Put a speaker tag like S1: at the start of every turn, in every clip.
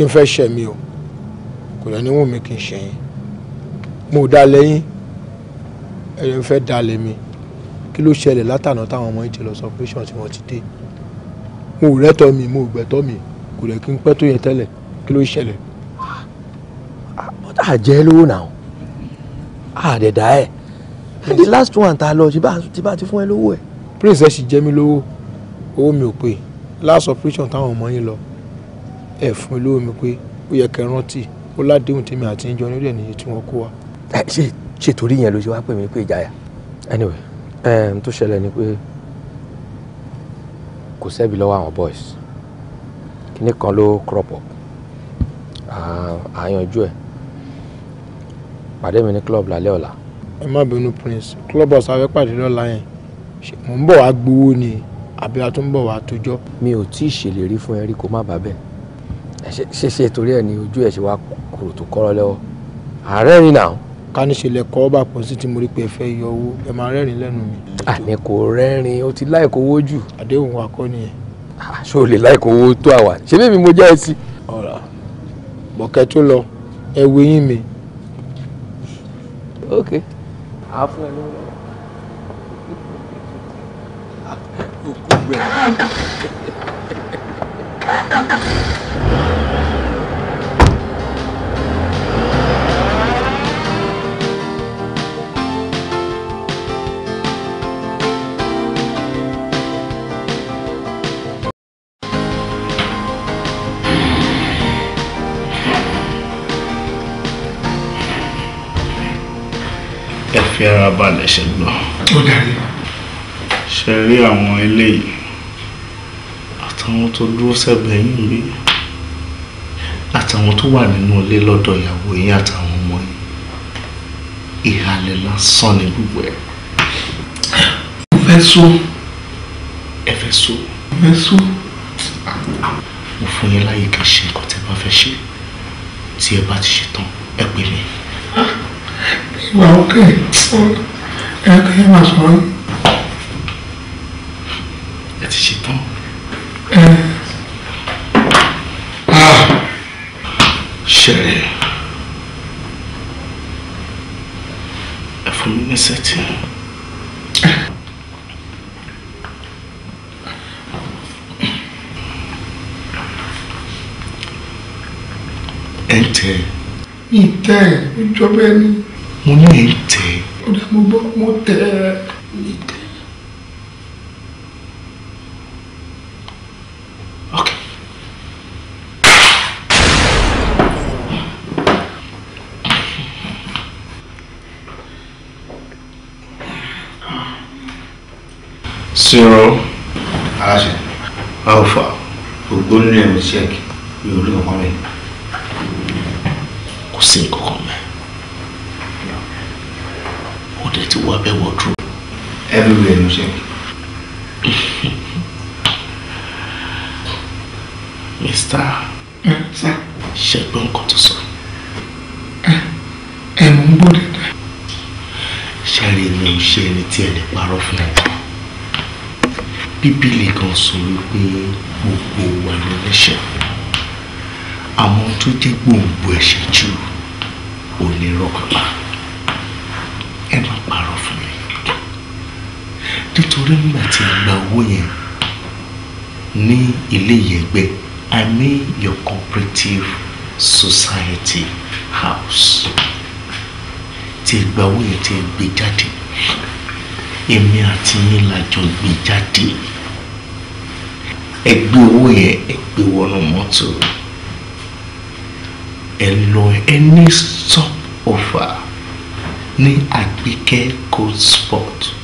S1: tí ń fẹ́ ṣẹ̀ mí o kò lẹ́ ní wù mí kí n ṣẹ̀ yín mo dá lẹ́yìn ẹ̀rẹ̀ ń fẹ́ dá lé mi kí ló ṣẹlẹ̀ látànà táwọn ọmọ yìí ti lọ sọ pé ṣàn tí wọ́n ti dé mo ò rẹ́tọ̀ mi mo ò gbẹ̀tọ̀ mi kò lẹ́ kí n pẹ́ tó yẹ tẹ́lẹ̀ kí ló ṣẹlẹ̀. bọ́tà jẹ́ lówó náà àdẹ̀dá ẹ̀ the last one ta lọ ti bá ti fún ẹ lówó ẹ̀. prince ẹ sì jẹ mí lówó owó mi ò pè last operation táwọn ọmọ yín lọ ẹ fún mi lówó mi pé ó yẹ kẹ́ rántí ó ládéhùn tèmi àti ìjọ ní ìdẹ̀ nìyí tí wọ́n kó wa. ṣe ṣe torí yẹn ló ṣe wá pè mí pé ìjayà anyway um, tó ṣẹlẹ̀ ni pé kò sẹ́bi lọ́wọ́ àwọn boys kíní kan ló crop up àyànjú ẹ̀ pàdé mi ní club lálẹ́ ọ̀la. ẹ má bínú prince club ọ̀sán fẹ́ pàdé lọ́la yẹn mò ń bọ̀ wá gbowó ni àbí a tún bọ̀ wá tójọ́. mi ò tí ì ṣèlérí fún ẹ rí kó má bàa bẹ́ẹ̀ ṣe ṣe torí ẹ ní ojú ẹ ṣe wá kúrò tó kọ́rọ́ lẹ́wọ́ ààrẹ rìn náà. ká ní ṣẹlẹ̀ kọ́ bá pọ̀ sí ti mo rí pé ẹ fẹ́ yọ owó ẹ máa rẹ́rìn lẹ́nu mi. àní kò rẹ́rìn o ti láìkó owó jù. àdéhùn wa kọ́ nìyẹn. ṣé o lè láìkó owó tó àwa ṣé bẹ́ẹ̀ mi mo jẹ́ ẹ sí. ọ̀rọ̀ bọ̀kẹ́ tó lọ ẹ wo eyín mi. ok àá fún ẹ lọ́wọ́.
S2: òkú
S1: ẹ fi ara balẹ̀ ṣe gbọ́. ṣe rí àwọn eléyìí àtàwọn tó dúró sẹ́gbẹ̀ẹ́ yín rí àtàwọn tó wà nínú ilé lọ́dọ̀ ìyàwó yín àtàwọn ọmọ yín ìhàlẹ̀ lásán ni gbogbo ẹ̀. mo fẹ́ sọ. ẹ fẹ́ sọ. mo fẹ́ sọ. mo fún yín láyè kí n ṣe nǹkan tẹ́ bá fẹ́ ṣe tí ẹ bá ti ṣe tán ẹ pè mí.
S2: Ah! ìwà òkè
S1: ẹ kí ẹ máa sọ̀rọ̀ yìí. ẹ ti ṣe tán. ẹ a ah. ṣẹlẹ̀ ẹ fún mi ní sẹ́tì. ẹ ń mo ní ẹ̀ ń tẹ̀. ó dá mo gbọ́ mo tẹ̀ ẹ́ ní tẹ̀. Zero. Aláṣẹ. Alpha. Ògbóni ẹ̀rọ ṣẹ́ẹ̀kì. Mi ò rí ọ̀kan rẹ̀. Kò sí nǹkan. dẹ̀ ti wá bẹ́ẹ̀ wọ́ọ̀dúró. everywhere ló ṣe. mr ṣẹgbọn kan tó sọ. ẹ mò ń gbọ́ dáadáa. ṣẹ́rí ni ò ṣe ẹni tí ẹ lè parọ́ fún ẹ. bíbélì kan sọ wípé gbogbo wa ló lẹ́ṣẹ̀ àwọn tó jẹ́ gbòǹgbò ẹ̀ṣẹ̀ jù onírọ́ pàpà. nítorí nígbà tí a gba owó yẹn ní ilé ìyẹ̀gbẹ́ i mean your cooperative society house tí ẹ gba owó yẹn tí A gbé jáde èmi àti yín la jọ gbé jáde ẹ gbé owó yẹn ẹ gbé wọnú mọ́tò ẹ lọ ẹ ní stop over ní àgbékẹ́ cold spot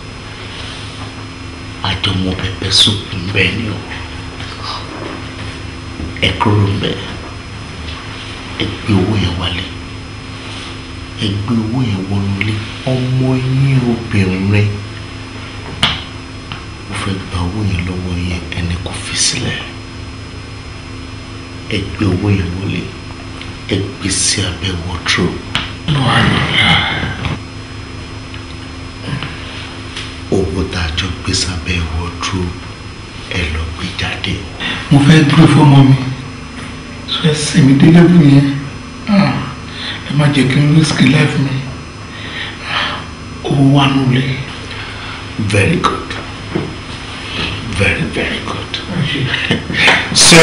S1: àjọmọ pẹpẹ soup ń bẹ ní o ẹ kúrò ń bẹ ẹ gbé owó yẹn wálé ẹ gbé owó yẹn wọnú ilé ọmọ yín obìnrin mo fẹ́ gba owó yẹn lọ́wọ́ yẹn jọ gbé sábẹ́ wardrobe ẹ lọ gbé jáde. mo fẹ́ dúró fọmọ mi sọ ẹ sìn mí délé bù yẹn ah, ẹ má jẹ́ kí n risk life mi ah, owó wà nulẹ̀. very good very very good so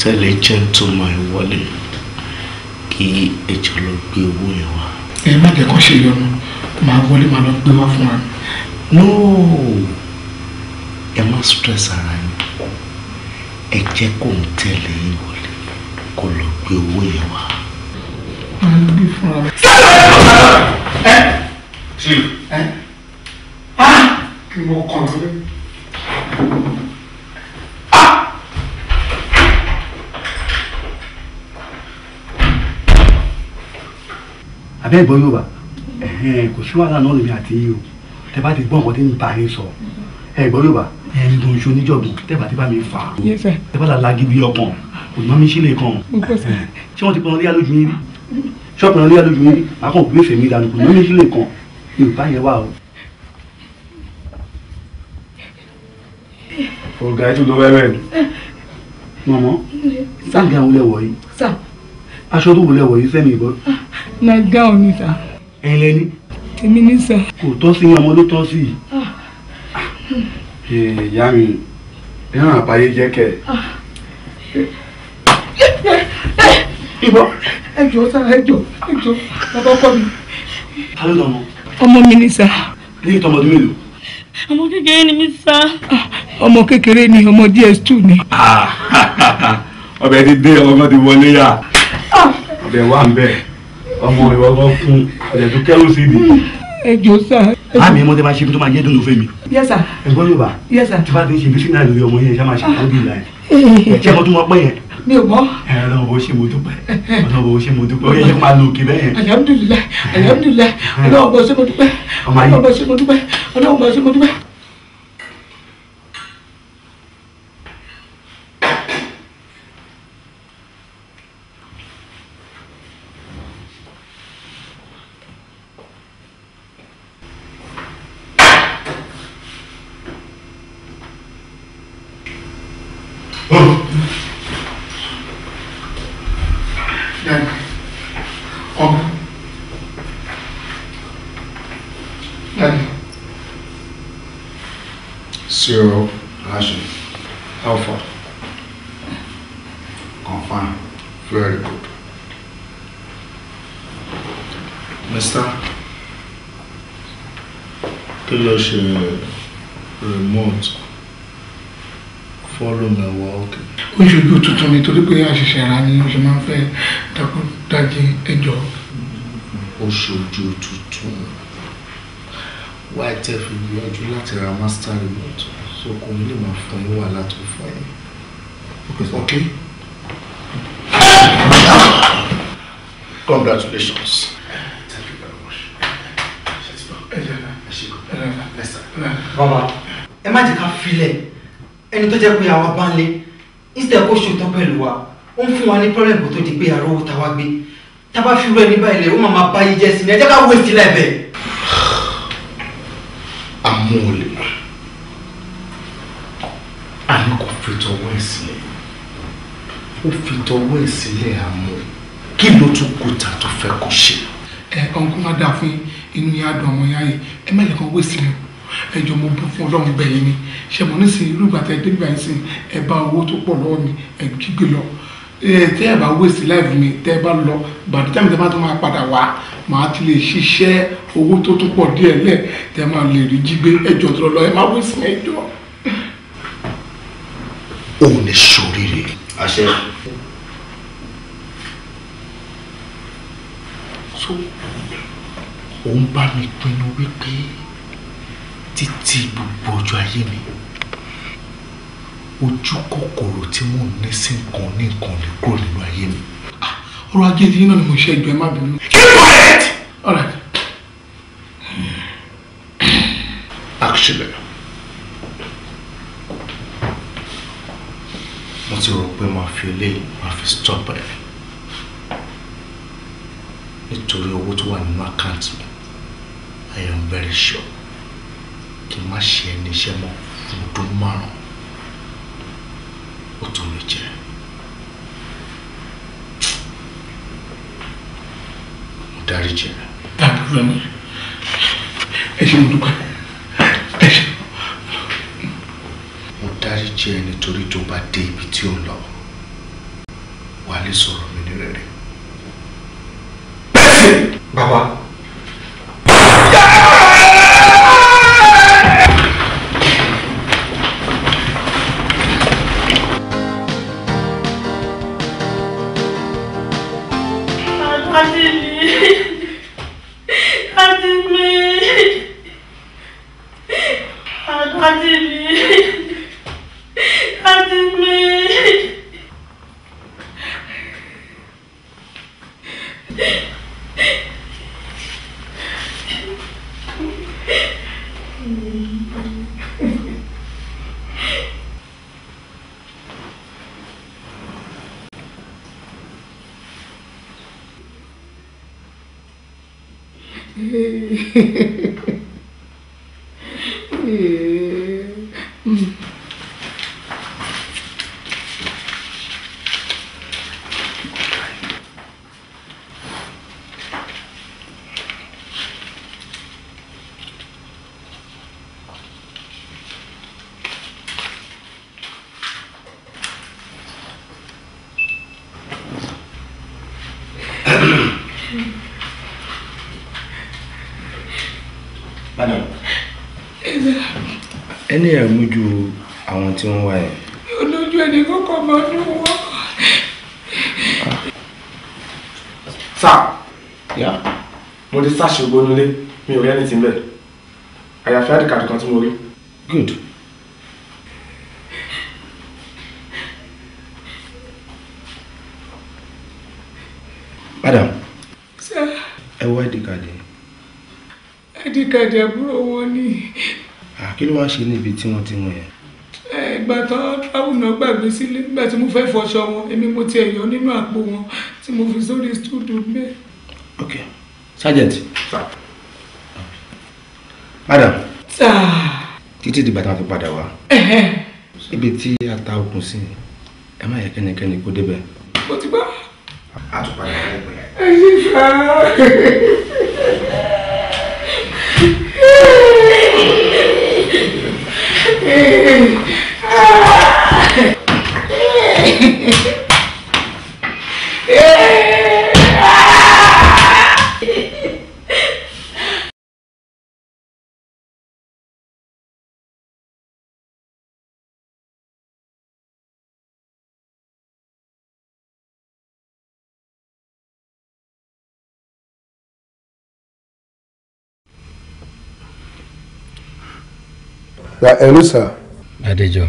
S1: tẹ́lẹ̀ gentleman wọlé kí ẹjọ́ lọ gbé owó yẹn wá. ẹ má jẹ́ kó ṣe yọnu máa wọlé máa lọ gbé wá fún wa. no ẹ má stress ara yín ẹ jẹ́ kó ń tẹ̀lé yín wọlé kó lọ gbé owó yẹn wá. abẹ́ ìgbọ́ yóò bá kò sí wàhálà náà lèmi àti yìí o tẹ bá ti gbọ́ nǹkan tí ń bá yín sọ ẹ gbọ́ yorùbá ẹni tó ń ṣe oníjọ̀gbọ̀n tẹ bá ti bá mi fà á tẹ bá làlá gidi ọkàn òyìnbó mi ṣe lè kàn ṣé wọn ti pọn léyà lójú yín rí ṣọ́ọ̀pù náà léyà lójú yín rí àkàn òkú ìfẹ́ mi ìdánù òyìnbó mi ṣe lè kàn yorùbá yẹn wà o. ọ̀gá ẹ̀ tún mọ̀mọ́ sáà gàùn wọ̀ yìí aṣọ tó wọ̀ wọ̀ yìí sẹ́mi
S3: ìbọn ẹ̀yin lẹni. èmi ní sà.
S1: kò tọ́ sí ọmọ ló tọ́ sí. Ah. ìyá mi ẹran àbáyé jẹ́ kẹ́ ẹ̀.
S3: ìbọn. ẹ jọ̀ọ́ sà ẹ jọ̀ọ́ ẹ jọ̀ọ́ bàbá ọkọ mi. ta ló
S1: lọ mọ. ọmọ mi ní sà. lẹ́yìn tọmọ ọdún mélòó. ọmọ kékeré ni mi sà. Ah, ọmọ kékeré ni ọmọ DS2 ni. Ah, ọbẹ̀ ti dé ọmọ ti wọlé yá ọbẹ̀ wà ń bẹ̀ ọmọ ìwọ gan fún ọ̀dẹ̀ kẹ́rù sí ni. ẹ jọ sá. àmì mo tẹ bá ṣe ibi tó máa jẹ́ dùnú fún mi. yes sir. ẹ̀gbọ́n yorùbá. yes sir. tí bá ti ṣe ibi sínú ọmọ yẹn ṣá máa ṣe àkọ́bí ah. ìlà
S2: yẹn.
S1: ẹ̀jẹ̀ eh. mo tún mọ pé yẹn. mi ò mọ. ẹ ọ̀nà òwò ṣe mo dúpẹ́ ọ̀nà ṣe mo dúpẹ́ ó yẹ máa lo òkè bẹ́ẹ̀ yẹn. alhamdulilayi alhamdulilayi eh.
S3: ọ̀nà ṣe mo dúpẹ́ ọ̀nà òwò ṣe mo dúpẹ́ ọ̀nà ṣe mo dúpẹ́.
S1: kí ló ṣe remote fọ́lùmù ẹ̀wọ̀ òkè. ó ṣojú tuntun nítorí pé àṣìṣe ara ni ó ṣe máa ń fẹ́ dákúndájí ẹjọ́. ó ṣojú tuntun white fi gbìyànjú láti ra master remote so kò ní lè máa fún yín wàhálà fún yín. ok. congratulations. bàbá ẹ má jẹ́ ká filẹ̀ ẹni tó jẹ́ pé àwa bá ń lé instead kó ṣòótọ́ pẹ̀lú wa ó ń fún wa ní problem kó tó di pé àrò ta wá gbé tá a bá fi rú ẹni báyìí lẹ̀ ó máa máa bá yí jẹ́ sí ni ẹ jẹ́ ká wé sílẹ̀ bẹ̀. amóhùnlẹ̀ àní kò fi tọwọ́ ẹ̀ sílẹ̀ ó fi tọwọ́ ẹ̀ sílẹ̀ àmọ́ kí ló tún kó ta tó fẹ́ kó ṣe. ẹ ọ̀nkún má dáa fún inú yá dùn ọmọ yá yìí ẹ mẹ́lẹ̀ kan wé sílẹ̀ o ẹjọ́ mo bú fún ọlọ́run bẹ̀yìn ni ṣe mo ní sìn irúgbà tẹ débìgbà yín sìn ẹ bá owó tó pọ̀ lọ́wọ́ mi ẹ jí gbé lọ tẹ ẹ bá wéèsì láìpẹ́ mi tẹ ẹ bá lọ bàtí tẹ́mi tẹ bá tó máa padà wá màá ti lè ṣiṣẹ́ owó tó tó pọ̀ díẹ̀ lẹ̀ tẹ máa lè rí jí gbé ẹjọ́ tó lọ ẹ má wéèsì ẹjọ́. òun ni sòrìrì. àṣẹ. so òun bá mi pinnu wípé títí gbogbo ọjọ́ ayé mi ojú kòkòrò tí mò ń ní sí nǹkan ní nǹkan lè kúrò nínú ayé mi. Ah, ọ̀rọ̀ ajé ti náà ni mo ṣe ẹgbẹ́ má bínú. keep quiet. actually mo ti rò pé màá fi eléyìí màá fi stop ẹ nítorí owó tó wà nínú àkáǹtì mi I am very sure kí n má ṣe ẹni iṣẹ́ mọ́ fún ọdún márùn-ún ó tó lè jẹ́. mo dárí jẹ. àbúrò mi ẹ ṣe mo dúpẹ́ ẹ ṣe. mo dárí jẹ nítorí tó bá dé ibi tí ó lọ wàá lè sọ̀rọ̀ mi ní rere. bàbá.
S3: Pardonne-moi.
S1: Hehehehe search gbogbo nílé mi ò rí ẹni tí ń bẹ̀ àyàfi àdìkàdì kan tí mo rí. good. madam. sir. ẹ wá àdìkàdì.
S3: àdìkàdì àbúrò wọn ni.
S1: kí ló wáá ṣe níbi tí wọ́n ti wọ̀n yẹn. ìgbà tán travel náà gbàgbé sílé nígbà tí mo fẹ́ fọṣọ wọn èmi mo ti ẹ̀yọ́ nínú àpò wọn tí mo fi sórí stúdù bẹ́ẹ̀ sergeant. madam. títí dìgbà tá a fi padà wá. ibi tí a ta okùn sí ẹ má yẹ kẹ́nikẹ́ni kó débẹ̀. mo ti bá.
S2: a tún padà wá ẹgbẹ́. ẹ ṣe fà á. ẹlú sà. Adéjọ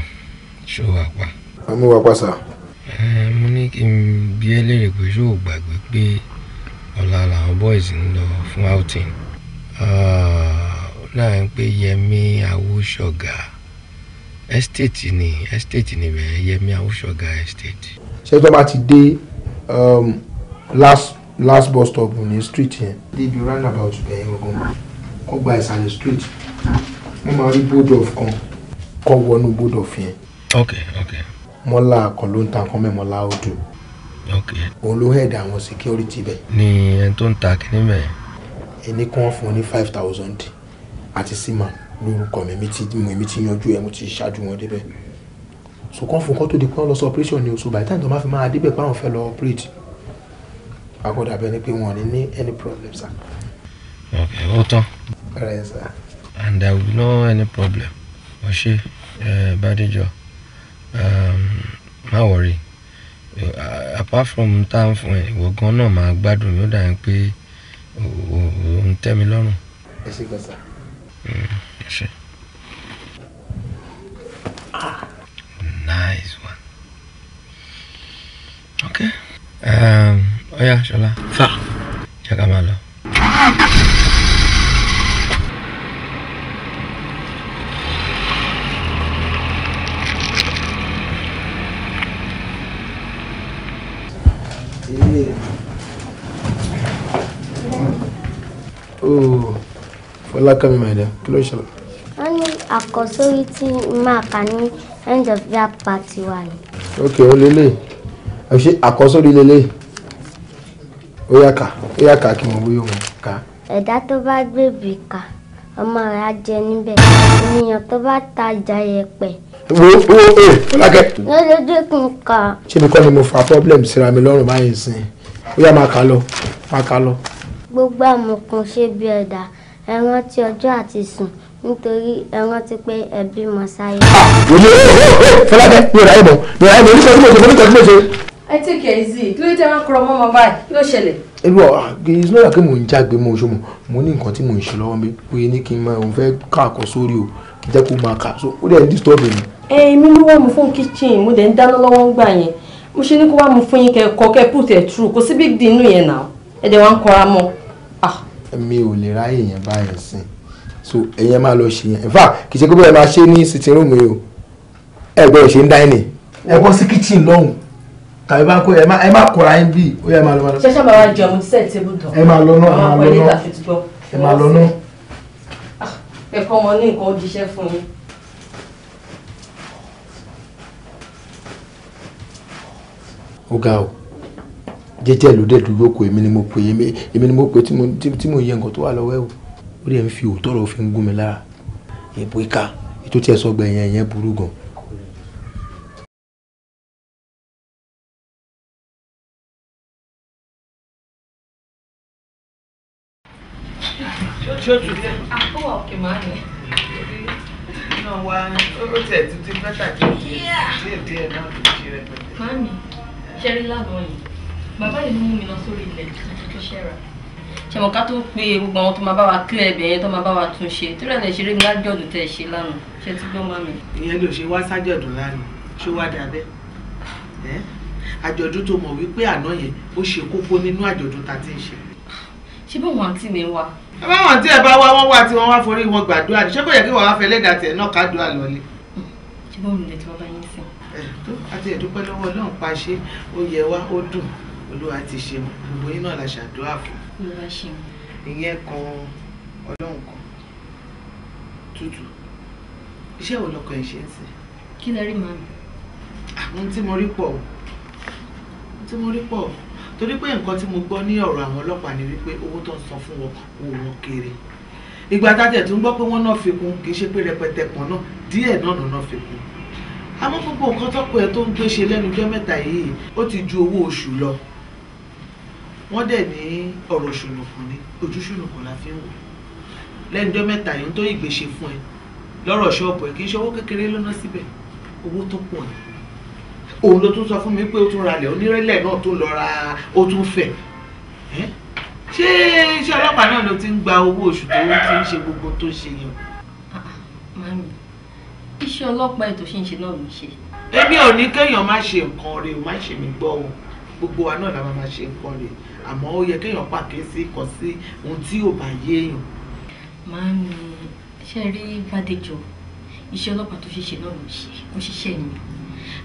S1: ṣó wà pa. àmú wà pa sà. mo ní kí n bí ẹ pé ṣó gbàgbé pé ọ̀la làwọn boys ń lọ fún outing ah, láàrin pé Yẹmí Awóṣọ̀gà estate ni estate ni bẹ́ẹ̀ Yẹmí Awóṣọ̀gà estate. ṣé tó bá ti dé um, last last bus stop ní street yẹn. débi roundabout bẹ̀yẹn gbogbo kó gba ìsàlẹ̀ street wọ́n máa rí board of kan kọ́ wọnú board of yẹn. ok ok. mọ́lá kan ló ń ta nǹkan mẹ́mọ́ la ó dùn. ok. òun ló head àwọn security bẹ̀. ni ẹni tó ń ta kíní mẹ́. ẹni kan fún un ní five thousand àti sima lórúkọ mi mi ti mo mi ti yanjú ẹ mo ti ṣáájú wọn débẹ̀ so kàn fún kán tó di pé wọ́n lọ sọ operation ni oṣù by the time tó máa fi máa débẹ̀ pé àwọn fẹ́ lọ operate agbọ́dọ̀ abẹ́ni pé wọ́n ní any problem sir.
S2: ok ó tán.
S1: Reza and there will be no any problem ọṣẹ Badijo, um, má worry. apart from tá à ń fún ẹ ìwọ gan náà máa gbádùn mi ó dà yín pé òun tẹ́ mi lọ́rùn. ẹ ṣe gbọ́sà. Mm, ẹ ṣe. nice one. okay. ọya um, ṣọlá. fa. jẹ́ ká máa lọ. oh Fọlákàmí my dear kí ló ń ṣẹlẹ̀.
S2: wọ́n ní àkọ́sórí tí máa kà ní end of that party wa ni.
S1: ok ó lélẹ̀ àṣé àkọ́sórí lélẹ̀ ó yá kà ó yá kà kí wọ́n wí òun kà.
S4: ẹ̀dá tó bá gbèbì kà ọmọ rẹ̀ á jẹ níbẹ̀ ènìyàn tó bá tajà yẹpẹ̀
S1: wo wo ee eh, fúlákẹ́.
S4: lọ́dọọdún kì í kà.
S1: ṣé mi kọ́ ni mo fa problem síra mi lọ́rùn báyìí sìn ó yá máa kà lọ máa kà lọ
S4: gbogbo àmùkùn ṣe bí ẹ̀dá ẹ rántí ọjọ́ àti sùn nítorí ẹ rántí pé ẹ bímọ sáyé. wòlé
S1: fọlákẹ́ mi ò ráyè mọ̀ mi ò ráyè mọ̀ oníṣẹ́ ojúmọ̀ṣe oníṣẹ́ ojúmọ̀ṣe.
S4: ẹ tí kì í zi kí ló dé wọn kúrọ mọ́mọ́ báyìí yóò ṣẹlẹ̀.
S1: ebi ọ ah, it's not like mo ń jágbe mo ṣo mo mo ní nǹkan tí mo ń ṣe lọ́wọ́ mi pé ní kí n máa òun fẹ́ káàkọ́ sórí o jẹ́ kó máa kà so ó dẹ̀ ń disturb mi.
S4: èmi ló wà mú kitchen mo dẹ̀ ń dáná lọ́wọ́ ń gbà yẹn mo ṣe ní kó wá mú put through kò sí big deal nù yẹn náà ẹ̀ dẹ̀ wá mọ́
S1: mi ò lè ráyè yẹn báyẹn sìn so ẹ̀yẹn máa lọ ṣe yẹn in fact kì í ṣe pé bẹ́ẹ̀ máa ṣe ní sitting room yìí o ẹ gbọ́dọ̀ ṣe ń dáìnì. ẹ bọ́ sí kitchen lọ́hùn tàbí bá kó ẹ má kóra yín bí ó yẹ máa lọ máa lọ. ṣẹ̀ṣẹ̀
S4: máa jẹ ọmọ tíṣẹ tébù tán. ẹ máa lọ náà ẹ máa lọ náà ẹ máa lọ náà. Ah, ẹ̀kọ́ wọn ní nǹkan ó fún yín.
S1: ó ga o jẹ́jẹ́ ló dẹ̀ dúró kó èmi ni mo pè èmi ni mo pè tí mo yẹ nǹkan tó wà lọ́wọ́ ẹ̀ o ó dẹ̀
S2: ń fi òótọ́ rọ̀ fi gún mi lára èèbù ìka ètò tí ẹ sọ gbẹ̀yìn ẹ̀yẹn burú gan. ṣé o tún
S4: dé. àkọ́wọ̀ òkè máa bàbá yìí ló mú mi lọ sórí ilẹ̀ tuntun tó ṣẹ̀ra ṣe mọ̀ ká tó pé gbogbo àwọn tó máa bá wa kílẹ̀ ẹ̀bẹ̀ yẹn tó máa bá wa tún ṣe torí ẹ̀ lè ṣeré ní lájọ̀dún tẹ̀ ṣe lánàá ṣe ti gbọ́ mọ́ mi. ìyẹn ló ṣe wá sájọ̀dún
S1: lánàá ṣó wá dábẹ́ àjọ̀dún tó mọ̀ wípé àná yẹn ó ṣe kókó nínú àjọ̀dún tá a ti ń ṣe.
S4: ṣé báwọn àǹtí mi wá. báwọn àǹtí ẹ bá wá
S1: wọn wá tí wọn wá forí wọn gbàdúrà ṣé kò yẹ kí wọn wá fẹ́ lẹ́dàá tiẹ̀ náà kádùá lọlé.
S3: ṣé báwọn ilẹ̀ tí wọ́n bá yín sìn. ẹ tó àti ẹ̀dúpẹ́
S1: lọ́wọ́ Ọlọ́run pa ṣe ó olúwa ti ṣe mọ gbogbo yín náà la ṣàdúrà
S2: fún
S1: ìyẹn kan ọlọ́run kan tútù iṣẹ́ wo lọkọ ẹ̀ ṣe ń sìn.
S4: kí lẹ rí màmí.
S1: àwọn tí mo rí pọ̀ tí mo rí pọ̀ torí pé nǹkan tí mo gbọ́ ní ọ̀rọ̀ àwọn ọlọ́pàá ni wípé owó tó ń san fún wọn kò wọ́n kéré ìgbà tá a tẹ̀ gbọ́ pé wọ́n náà fi kún kì í ṣe pé rẹpẹtẹ kan náà díẹ̀ náà náà fi kún àmọ́ gbogbo nǹkan tọ́kọ ẹ̀ tó ń gbé ṣe lẹ́nu ọjọ́ mẹ́ta yìí ó ti ju owó oṣù lọ wọ́n dẹ̀ ní ọ̀rọ̀ ṣùnùkùn ni ojú ṣùnùkùn la fi ń wò lẹ́nudọ́ mẹ́ta yìí ń tó ìgbésẹ fún ẹ lọ́rọ̀ ṣọ́ọ̀bù ẹ kì í ṣe owó kékeré lọ́nà síbẹ̀ owó tó pọ̀ ni òun ló tún sọ fún mi pé ó tún ralẹ̀ onírẹ́lẹ̀ náà tó lọ ra ó tún fẹ̀ ṣé iṣẹ́ ọlọ́pàá náà ló ti ń gba owó oṣù tó ń ti ń ṣe gbogbo tó ṣe yẹn.
S4: Ah, iṣẹ́ ọlọ́pàá ètò ṣe ń ṣe náà ló ṣe.
S1: èmi ò ní kéèyàn má ṣe nǹkan rẹ̀ má ṣe mí gbọ́ o gbogbo wa náà la máa ṣe nǹkan rẹ̀ àmọ́ ó yẹ kéèyàn pàkíyèsí kọ sí ohun tí ò bá yé èèyàn.
S4: màá mi ṣe rí bàdéjọ iṣẹ́ ọlọ́pàá tó ṣe ṣe náà ló ṣiṣẹ́ mi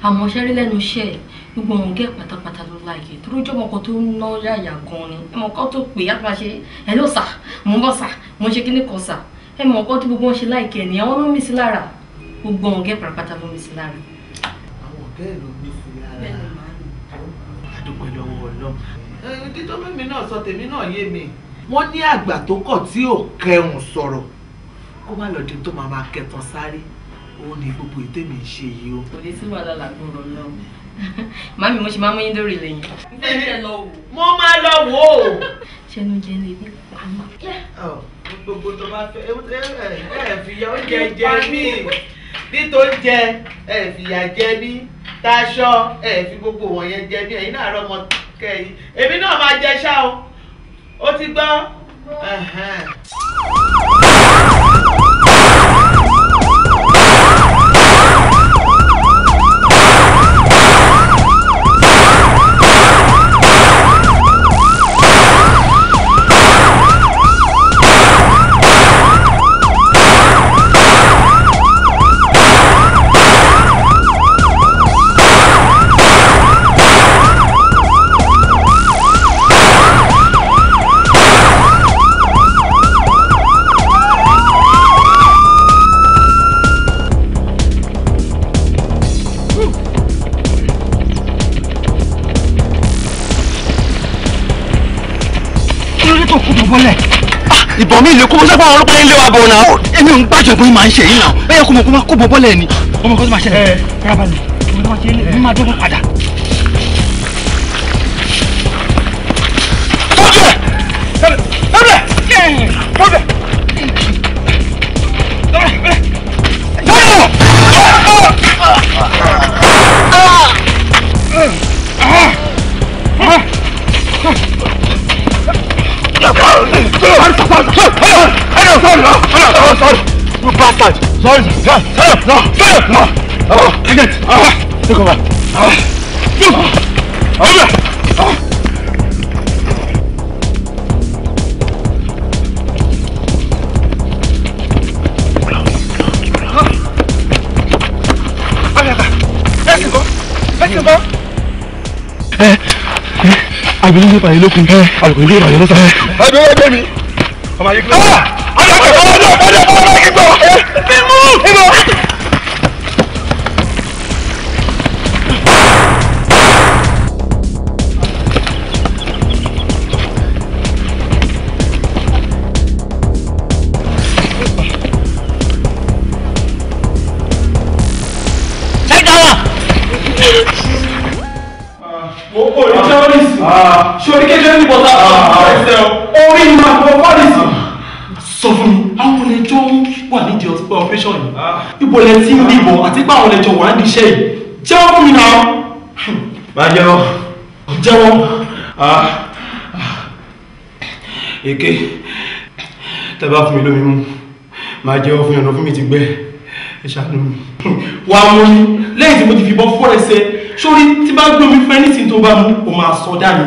S4: àmọ́ ṣe rí lẹ́nu iṣẹ́ gbogbo ohun gẹ́ pátápátá ló láàyè tó lójú ọmọkọ tó ń ná yàyà gan ni ẹ mọ̀ kọ́ tó pè á máa ṣe ẹ ló sà mo bọ̀ sà mo ṣe kíní kan sà ẹ mọ̀ tó gbogbo wọn ṣe láìkẹ́ ni àwọn ló ń mí sí lára gbogbo ohun gẹ́ pátápátá ló ń mí sí lára.
S1: àwọn ọ̀gá ẹ̀ ló ń mí sí lára àdúpẹ́ lọ́wọ́ ọlọ́run kí tó mímí náà sọ tèmi náà yé mi wọ́n ní àgbà tó kọ̀ tí ò kẹrùn
S4: sọ̀rọ̀ kó má lọ́ọ́ di tó máa máa kẹtàn sáré òun ni gbogbo ìtẹ́mi ń ṣe yìí o. kò ní sí wàhálà làgbọ̀n rọ̀ náà mami mo ṣe máa mú yín lórí ilẹ̀ mo máa lọ wò ó. ṣẹnu jẹ lè ní pamọ́. gbogbo tó
S1: bá fẹ́ ẹ fìyà oúnjẹ jẹ mí nítorí jẹ ẹ fìyà jẹ mí táṣọ ẹ fi gbogbo wọ̀nyẹn jẹ mí ẹ̀yin náà rọmọ kẹyìn èmi náà máa jẹ ṣá o ó ti gbọ́. tó kú tó bọ́lẹ̀. ìbọn mi lè kú mo sẹ́kọ̀ọ́ àwọn ọlọ́pàá yẹn lé wa bọ̀ náà. èmi ò ń gbàjọ bóyá máa ń ṣe yín náà ẹ yẹ kó mo kó máa kó bọ bọ́lẹ̀ ni
S3: ọmọ kan tó máa ṣẹlẹ̀ rábàlì mo máa ṣe é lé mi máa dọ́gbọ́n padà.
S2: Ah! Sorry, sorry, sorry, sorry, sorry, àbílí ní ìbàyẹ̀ lókun àbíkò ní ìbàyẹ̀ lọ́sà.
S1: ẹbí wọ́n dé mi. ọmọ ayé kí ló dé. ọmọ ayé
S2: kí ló dé. ọmọ ayé kí ló dé.
S1: information yìí ah, ibo lẹ ti ń dìbò àti pé àwọn ẹjọ wà á di iṣẹ́ yìí jẹ́wọ́ fún mi náà. má jẹ́wọ́ jẹ́wọ́ èké ah, ah, tẹ́ bá fún mi lómi mú má jẹ́wọ́ fún yànnà fún mi ti gbẹ ẹ ṣàánú mi. wà á mú yín lẹ́yìn tí mo ti fìbọn fọ́ ẹsẹ̀ sórí tí bá gbé omi fẹ́ nísìnyí tó bá mú o máa sọ dání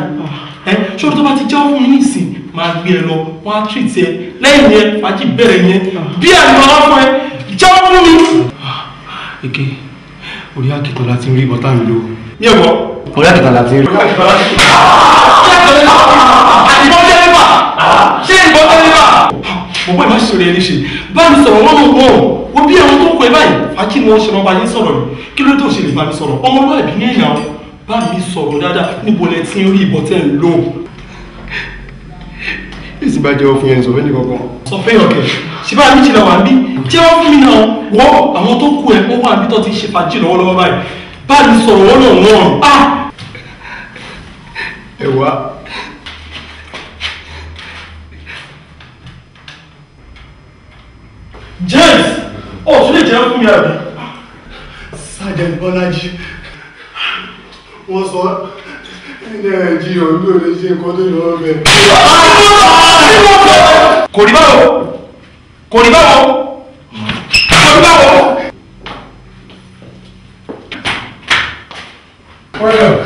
S1: sórí tó bá ti jẹ́wọ́ fún mi nísìnyí máa gbé ẹ lọ wọn á tì tiẹ lẹ́yìn yẹn fàájì bẹ̀rẹ̀ yẹn bí àná ọ̀fọ̀ ẹ jáwọ́ fún mi. ike orí àkìtàn láti rí bọ́tà mi lò. mi ò wọ. orí àkìtàn láti rí. orí àkìtàn láti rí. àtìmọ́ dẹ́rẹ́bà ṣé ìbọn dẹ́rẹ́bà. bọ̀bọ̀ ìmọ̀ sọ̀rọ̀ ẹni ṣe báyìí sọ̀rọ̀ wọn mọ̀ wọ́n o bí àwọn tó kọ ẹ báyìí fàájì ni wọ́n ṣe máa bá yín sọ̀rọ̀ yìí kí ló dé òṣèlú bá bá mi sọ̀rọ̀ dáadáa bí ìsìn bá jẹ́ òfin ẹ̀ sọ̀fẹ́ nìkankan. sọfẹ́ ọ̀kẹ́ ṣìbá mi ti lọ wà bí tí wọ́n fún mi náà wọ́ àwọn tó kú ẹ̀ wọ́n wà bí tó ti ṣe fàájì lọ́wọ́lọ́wọ́ báyìí bá mi sọ̀rọ̀ wọ́n náà wọ́n à. ẹ wá James ó tún lè jẹun fún mi àbí. Sergeant Bọ́lájí wọ́n sọ nílẹ̀ jí ọdún òde ṣe nǹkan tó yọ ọbẹ̀. kò rí báwo
S2: kò rí báwo kò rí báwo. ọ̀rẹ́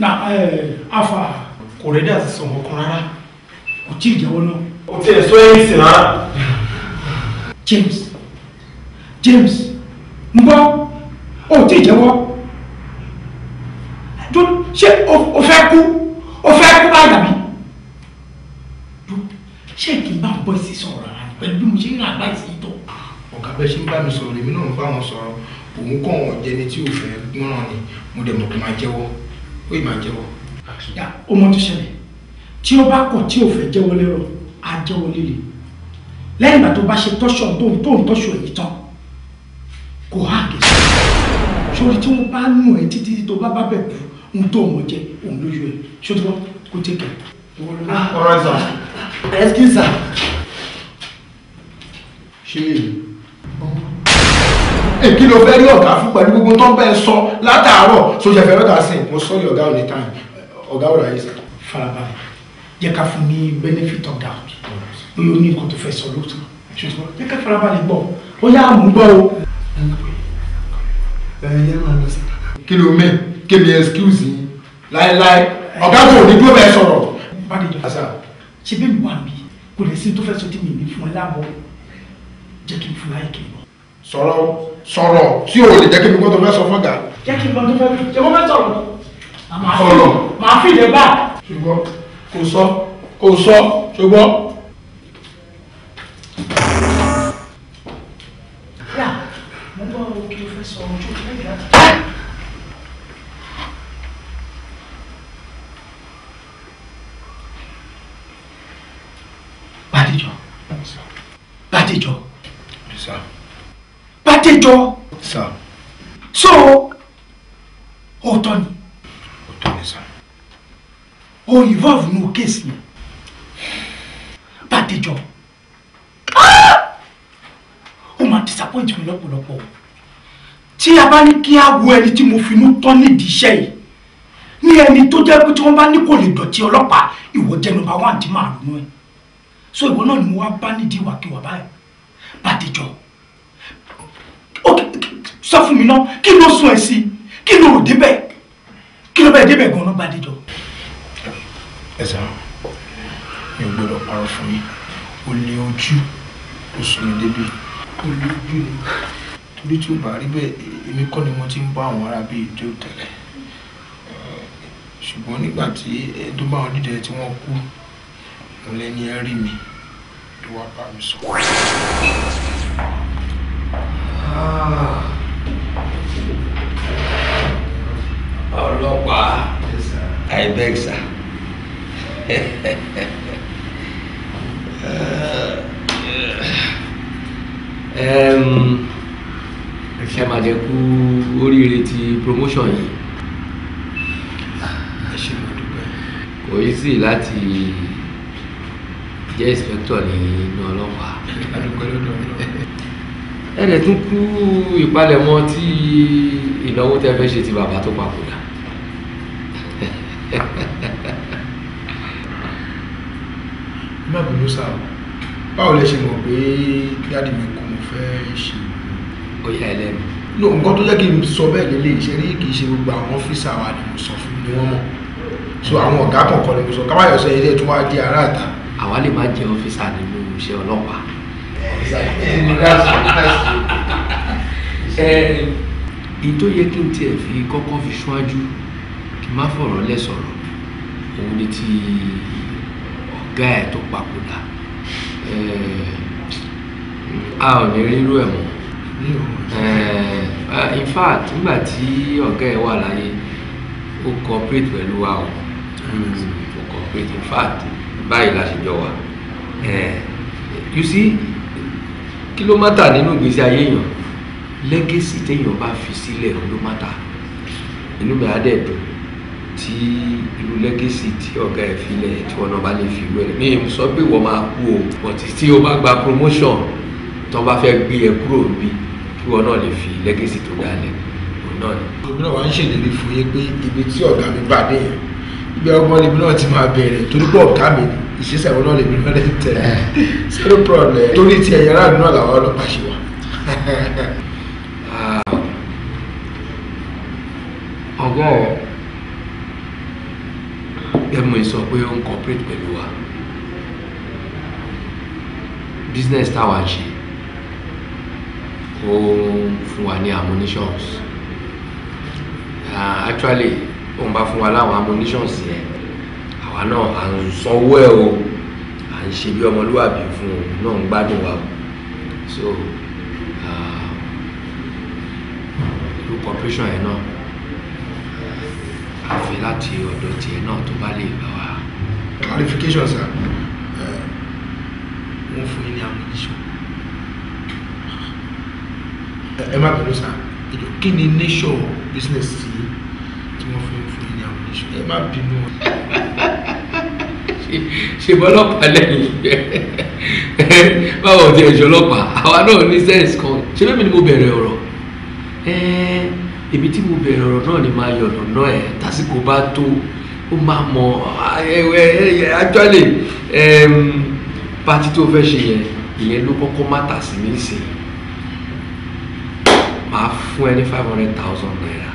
S1: na afa kò rẹ́dí àti sọ̀rọ̀ kan rárá kò tí ì jẹ́wọ́ náà.
S3: kò tiẹ̀ sọ ẹ̀yìn sí rárá.
S1: James James ń gbọ́ ó tí ì jẹ́wọ́ ṣé o fẹ́ kú o fẹ́ kú bá dàbí. ṣé kì í bá ń bọ́ sí sọ̀rọ̀ rárá pẹ̀lú bí mo ṣe ń rà bá ìsìn tó. ọ̀gá bẹ́ẹ̀ ṣe ń bá mi sọ̀rọ̀ èmi náà ń bá wọn sọ̀rọ̀ òun kàn wọ́n jẹni tí ò fẹ́ gbọ́ràn ni mo dẹ̀ mọ̀ pé máa jẹ́wọ́ ó ì máa jẹ́wọ́. ọmọ tó ṣẹlẹ̀ tí ó bá kọ̀ tí ò fẹ́ jẹ́wọ́ lérò á jẹ́wọ́ líle lẹ́yìn ìgbà tó bá ṣe tọ́ṣọ̀ tó ń tọ́ṣọ̀ èyí tán kò háàkì sórí tí wọ́n bá nù ẹ́ títí tó bá bá bẹ̀ kú ń tó òun jẹ òun lójú ẹ ṣùgbọ́n kò tẹ kẹ. ọ̀rọ̀ ẹ̀sà. ẹ̀sìn sà. ṣé lè mi. èkì ló fẹ́ rí ọ̀gá fún pẹ̀lú gbogbo tó ń bẹ́ẹ̀ sọ látàárọ̀ sójà fẹ́ lọ́gà sí mo sọ ní ọ̀gá òní táyì ọ̀gá òrà yìí sà. farabalẹ̀ jẹ́ ká fún ní benefit of bóyá o ní nǹkan tó fẹ́ sọ lóòótọ́ ṣùgbọ́n jẹ́ ká farabalẹ̀ gbọ́ ó yá àmúgbọ́ o. ẹ yẹ máa kí ló mẹ́ẹ̀ kébi excuse yín láéláé ọ̀gá kò ní dúró bẹ́ẹ̀ sọ̀rọ̀. báyìí ìjọba sá ṣe bí mi wà mí
S3: kò lè sí tó fẹ́ sọ tí mi ní fún ẹ láàbọ̀ jẹ́ kí n fún láyé kiri bọ̀.
S1: sọ̀rọ̀ sọ̀rọ̀ tí o lè jẹ́ kí n gbọ́ tó fẹ́ sọ fún ọ̀gá.
S3: jẹ́ kí n gbọ́ tó fẹ́ jẹ́ kó fẹ́ sọ̀rọ̀ sọ̀rọ̀ màá fi
S1: ìdẹ́ bá. ṣùgbọ́n kò sọ kò sọ ṣùgbọ́n. yà mo gbọ́ kí o fẹ́ sọ ojú jọ. sir. so òótọ́ ni. òótọ́ ni sir. o involve nínú kéèsì yẹn bàdéjọ ah! ó máa disappoint mi lọ́pọ̀lọpọ̀ tí a bá ní kí a wo ẹni tí mo fi inú tán nídìí iṣẹ́ yìí ní ẹni tó jẹ́ pé tí wọ́n bá ní kò lè dọ̀tí ọlọ́pàá ìwọ jẹ́ nọ́mbà one tí máa ronú
S3: ẹ̀ so ìwọ náà ni mo wá bá nídìí ìwàkiwà báyìí bàdéjọ
S1: sọ fún mi náà kí ló sún ẹ sí kí ló rò débẹ̀ kí ló bẹ̀ débẹ̀ gan-an Gbádéjọ. ẹ sá mi ò gbọdọ̀ parọ́ fún yín ó lé ojú o sún mi débi ó lé ojú ni torí tí ó bá rí bẹ́ẹ̀ èmi kọ́ ni mo ti ń bá àwọn ará bíi ìjọ tẹ̀lẹ̀ ṣùgbọ́n nígbà tí tó bá wọn dídẹ tí wọ́n kú mo ẹ rí mi ló bá mi sọ. Ah. ọlọ́pàá I beg sir eh, ṣe máa jẹ kú oríire ti promotion yìí kò yí sí láti jẹ́ inspector ní inú ọlọ́pàá ẹ̀rẹ̀ tún kú ìpalẹ̀mọ́ tí ìnáwó tẹ́ fẹ́ ṣe ti bàbá tó papòdà má bínú sáà báwo lẹ ṣe mọ̀ pé dáàdì mi kò mọ̀ fẹ́ ṣe ó yà ẹ lẹ́nu. no nǹkan tó jẹ́ kí n sọ bẹ́ẹ̀ lélẹ̀ iṣẹ́ rí kì í ṣe gbogbo àwọn ọ́fíìsì àwa ni mo sọ fún ni wọ́n mọ̀ so àwọn ọ̀gá kọ̀ọ̀kan ni mo sọ kábàyọ̀ sọ ilé tí wọ́n á di aráàta. àwa lè má jẹ ọ́fíìsà nínú iṣẹ́ ọlọ́pàá in regards to the first week. ìtò yẹ kí n tiẹ̀ fi kọ́kọ́ fi ṣáájú kí n má fọ̀rọ̀ lẹ̀ sọ̀rọ̀ òun ni ti ọ̀gá ẹ̀ tó papòdà eh, a ò ní rírú ẹ̀ mọ́
S4: eh, in fact nígbà tí ọ̀gá ẹ̀ wà láyé ó cooperate pẹ̀lú wa o mm. ó cooperate in fact báyìí la ṣe jọ wà
S1: eh, you see kí ló mátà nínú ìgbésí ayé èèyàn lẹ́gẹ̀sì téèyàn bá fi sílẹ̀ ló mátà inú mi á dẹ̀ dùn tí irú lẹ́gẹ̀sì tí ọ̀gá ẹ̀ filẹ̀ tí wọn náà bá lè fi wẹ̀rẹ̀ mi ò sọ pé wọ́n máa kú o but tí o bá gba promotion tó bá fẹ́ gbé ẹ kúrò níbí kí wọn náà lè fi lẹ́gẹ̀sì tó dáa lẹ̀ òun náà ni. òun náà wà ń ṣèlérí fún yín pé ibi tí ọ̀gá mi bá dé yẹn ibi ọgbọ́n ni ibi ti máa bẹ̀rẹ̀ torí pé ọ̀gá mi ni ìṣesẹ̀ wọn náà lè mi lọ́lẹ̀ tẹ̀ zero eh. problem torí ti ẹ̀yà aráàlú náà làwọn ọlọ́pàá ṣe wà. Ah. ọgọ́ ẹ̀mọ̀ sọ pé ó ń cooperate pẹ̀lú wa business táwa ń ṣe ó ń fún wa ní ammunitions ah, actually ó ń bá fún wa láwọn ammunitions yẹn àwa náà à ń sanwó ẹ̀ o à ń ṣe bí ọmọlúwàbí fún un náà ń gbádùn wa so irú corporation yẹn náà àfi láti ọ̀dọ̀ tiẹ̀ náà tó bá lè bá wa. clarification sir wọ́n fún yín ní ammunition ẹ má bínú sir kí ni nature business tí wọ́n fún ẹ má bínú ṣèbọn ọlọ́pàá lẹ́yìn báwo ti ẹ̀ṣọ́ ọlọ́pàá àwa náà ní sẹ́ǹsì kan ṣé bẹ́ẹ̀ mi ni mo bẹ̀rẹ̀ ọ̀rọ̀ èmi tí mo bẹ̀rẹ̀ ọ̀rọ̀ náà ni máa yọ̀ lọ́nà ẹ̀ tásìkò bá tó ó máa mọ àjọlè pati tó fẹ́ ṣe yẹn ìyẹn ló kọ́kọ́ má tà sí nísìnyí máa fún ẹ ní five hundred thousand naira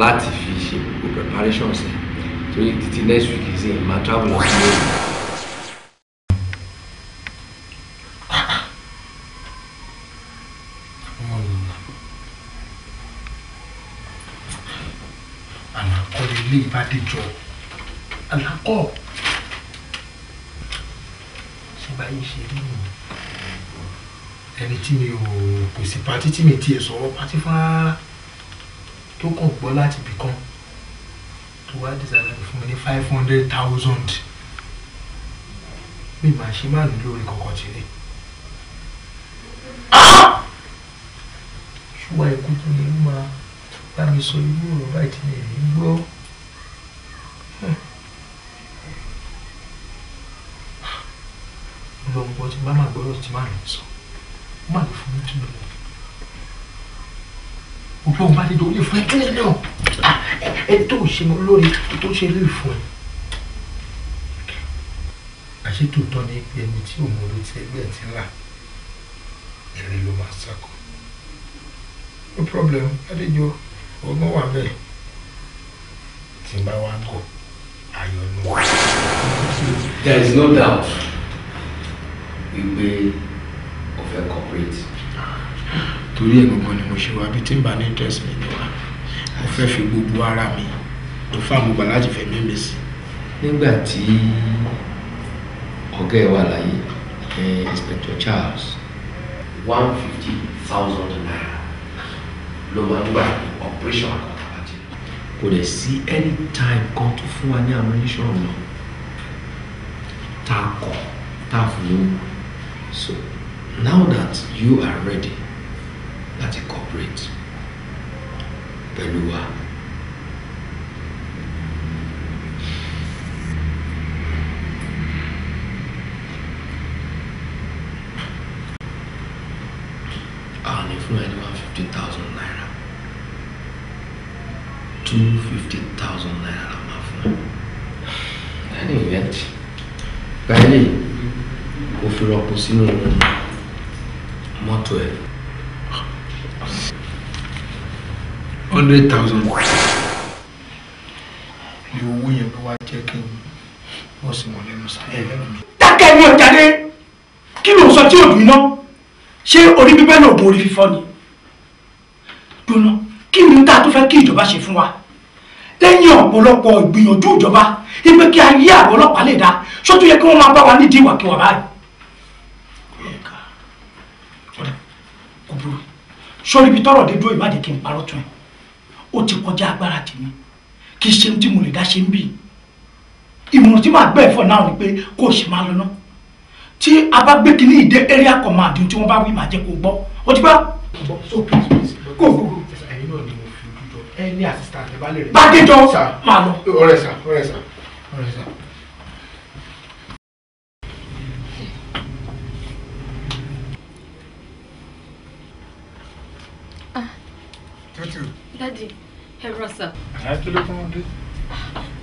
S1: láti fi gbogbo preparations
S4: ẹ̀ torí títí next week ṣe máa travel lọ sí lórí.
S1: alákọ̀ọ́ ṣe báyìí ṣe rí ẹni tí mi ò kò sí pati tí mi tiẹ̀ sọ̀rọ̀ pati fún rárá tó kàn gbọ́ láti ibì kan tó wá dìsáyà fún mi ní five hundred thousand mi máa ṣe máa nílò orí kọ̀ọ̀kan tìrẹ. ṣùgbọ́n ikú tó ní máa bá mi sọ irú ọ̀rọ̀ báyìí tí mi rí gbọ́. lọ́wọ́ tí bá máa gbọ́dọ̀ tí máa rìn sọ máa lè fún mi tún lọ́wọ́ òfin òun bá ti dòwúlẹ̀ fún ẹ kílẹ̀ náà ẹ tó ṣe lórí tó ṣe lè fún ẹ. àṣé tòótọ́ ni pé ẹni tí òun ló ti ẹgbẹ́ ẹ̀ ti là èrè ló máa sákò no problem adéjọ ọgbọ́n wà bẹ́ẹ̀ tí bá wà kọ ayọ̀ nù. there is no doubt wípé o fẹ́ cooperate torí ẹ̀ gbọ̀ngàn ni mo ṣe wá bí tí n bá ní interest mi ni wá mo fẹ́ fi gbogbo ara mi tó fàmùgbà láti fẹ́ mímí sí. nígbà tí ọ̀gá ẹ̀ wà láyé inspector Charles one fifty thousand naira ló máa ń gbà operation àkọ́tàbàjẹ́ kò dẹ̀ sí any time kan tó fún wa ní ammunition náà tá kọ̀ tá fún un so now that you are ready láti cooperate pẹ̀lú wa. àwọn ìfúnra ẹni one fifty thousand naira two fifty thousand naira la máa fún ẹ. ẹni ìrẹ́ntì báyìí kò fi rọpò sínú mọ́tò ẹ̀. hundred thousand ni owó yẹn ló wá jẹ́ kí n bọ́ sí wọn lẹ́nu sáyẹn lẹ́nu mi.
S2: dákẹ́ ni ọ̀jáde
S3: kí ló ń sọ tí òdùn iná ṣé orí bíbẹ́ náà bo orí fífọ́ ni dùnà kí ni tá a tó fẹ́ kí ìjọba ṣe fún wa lẹ́yìn ọ̀pọ̀lọpọ̀
S1: ìgbìyànjú ìjọba ipe kí a yí àwọn ọlọ́pàá lè dá sọ́tún yẹ kí wọ́n máa bá wa nídìí ìwàkiwà báyìí. sọ́ni ibi tọ́rọ̀ dé dúró ìbàdí kí n parọ́ tún ẹ̀ ó ti kọjá agbára tèmi kì í ṣe ohun tí mo lè dá ṣe ń bì ìmọ̀ràn tí màá gbẹ̀ fọ̀ náà ni pé kó o ṣe máa lọ náà tí a bá gbé kinní ìdé area command tí wọ́n bá wí màá jẹ́ kó o gbọ́ ó ti gbọ́. kò kò kò ẹni assistant ẹ bá lè rí. bákejọ máa lọ. ọ̀rẹ́ sà ọ̀rẹ́ sà
S2: ọ̀rẹ́ sà.
S4: Ah. tútù. dadi ẹ rọ sà. kí ló tún dé.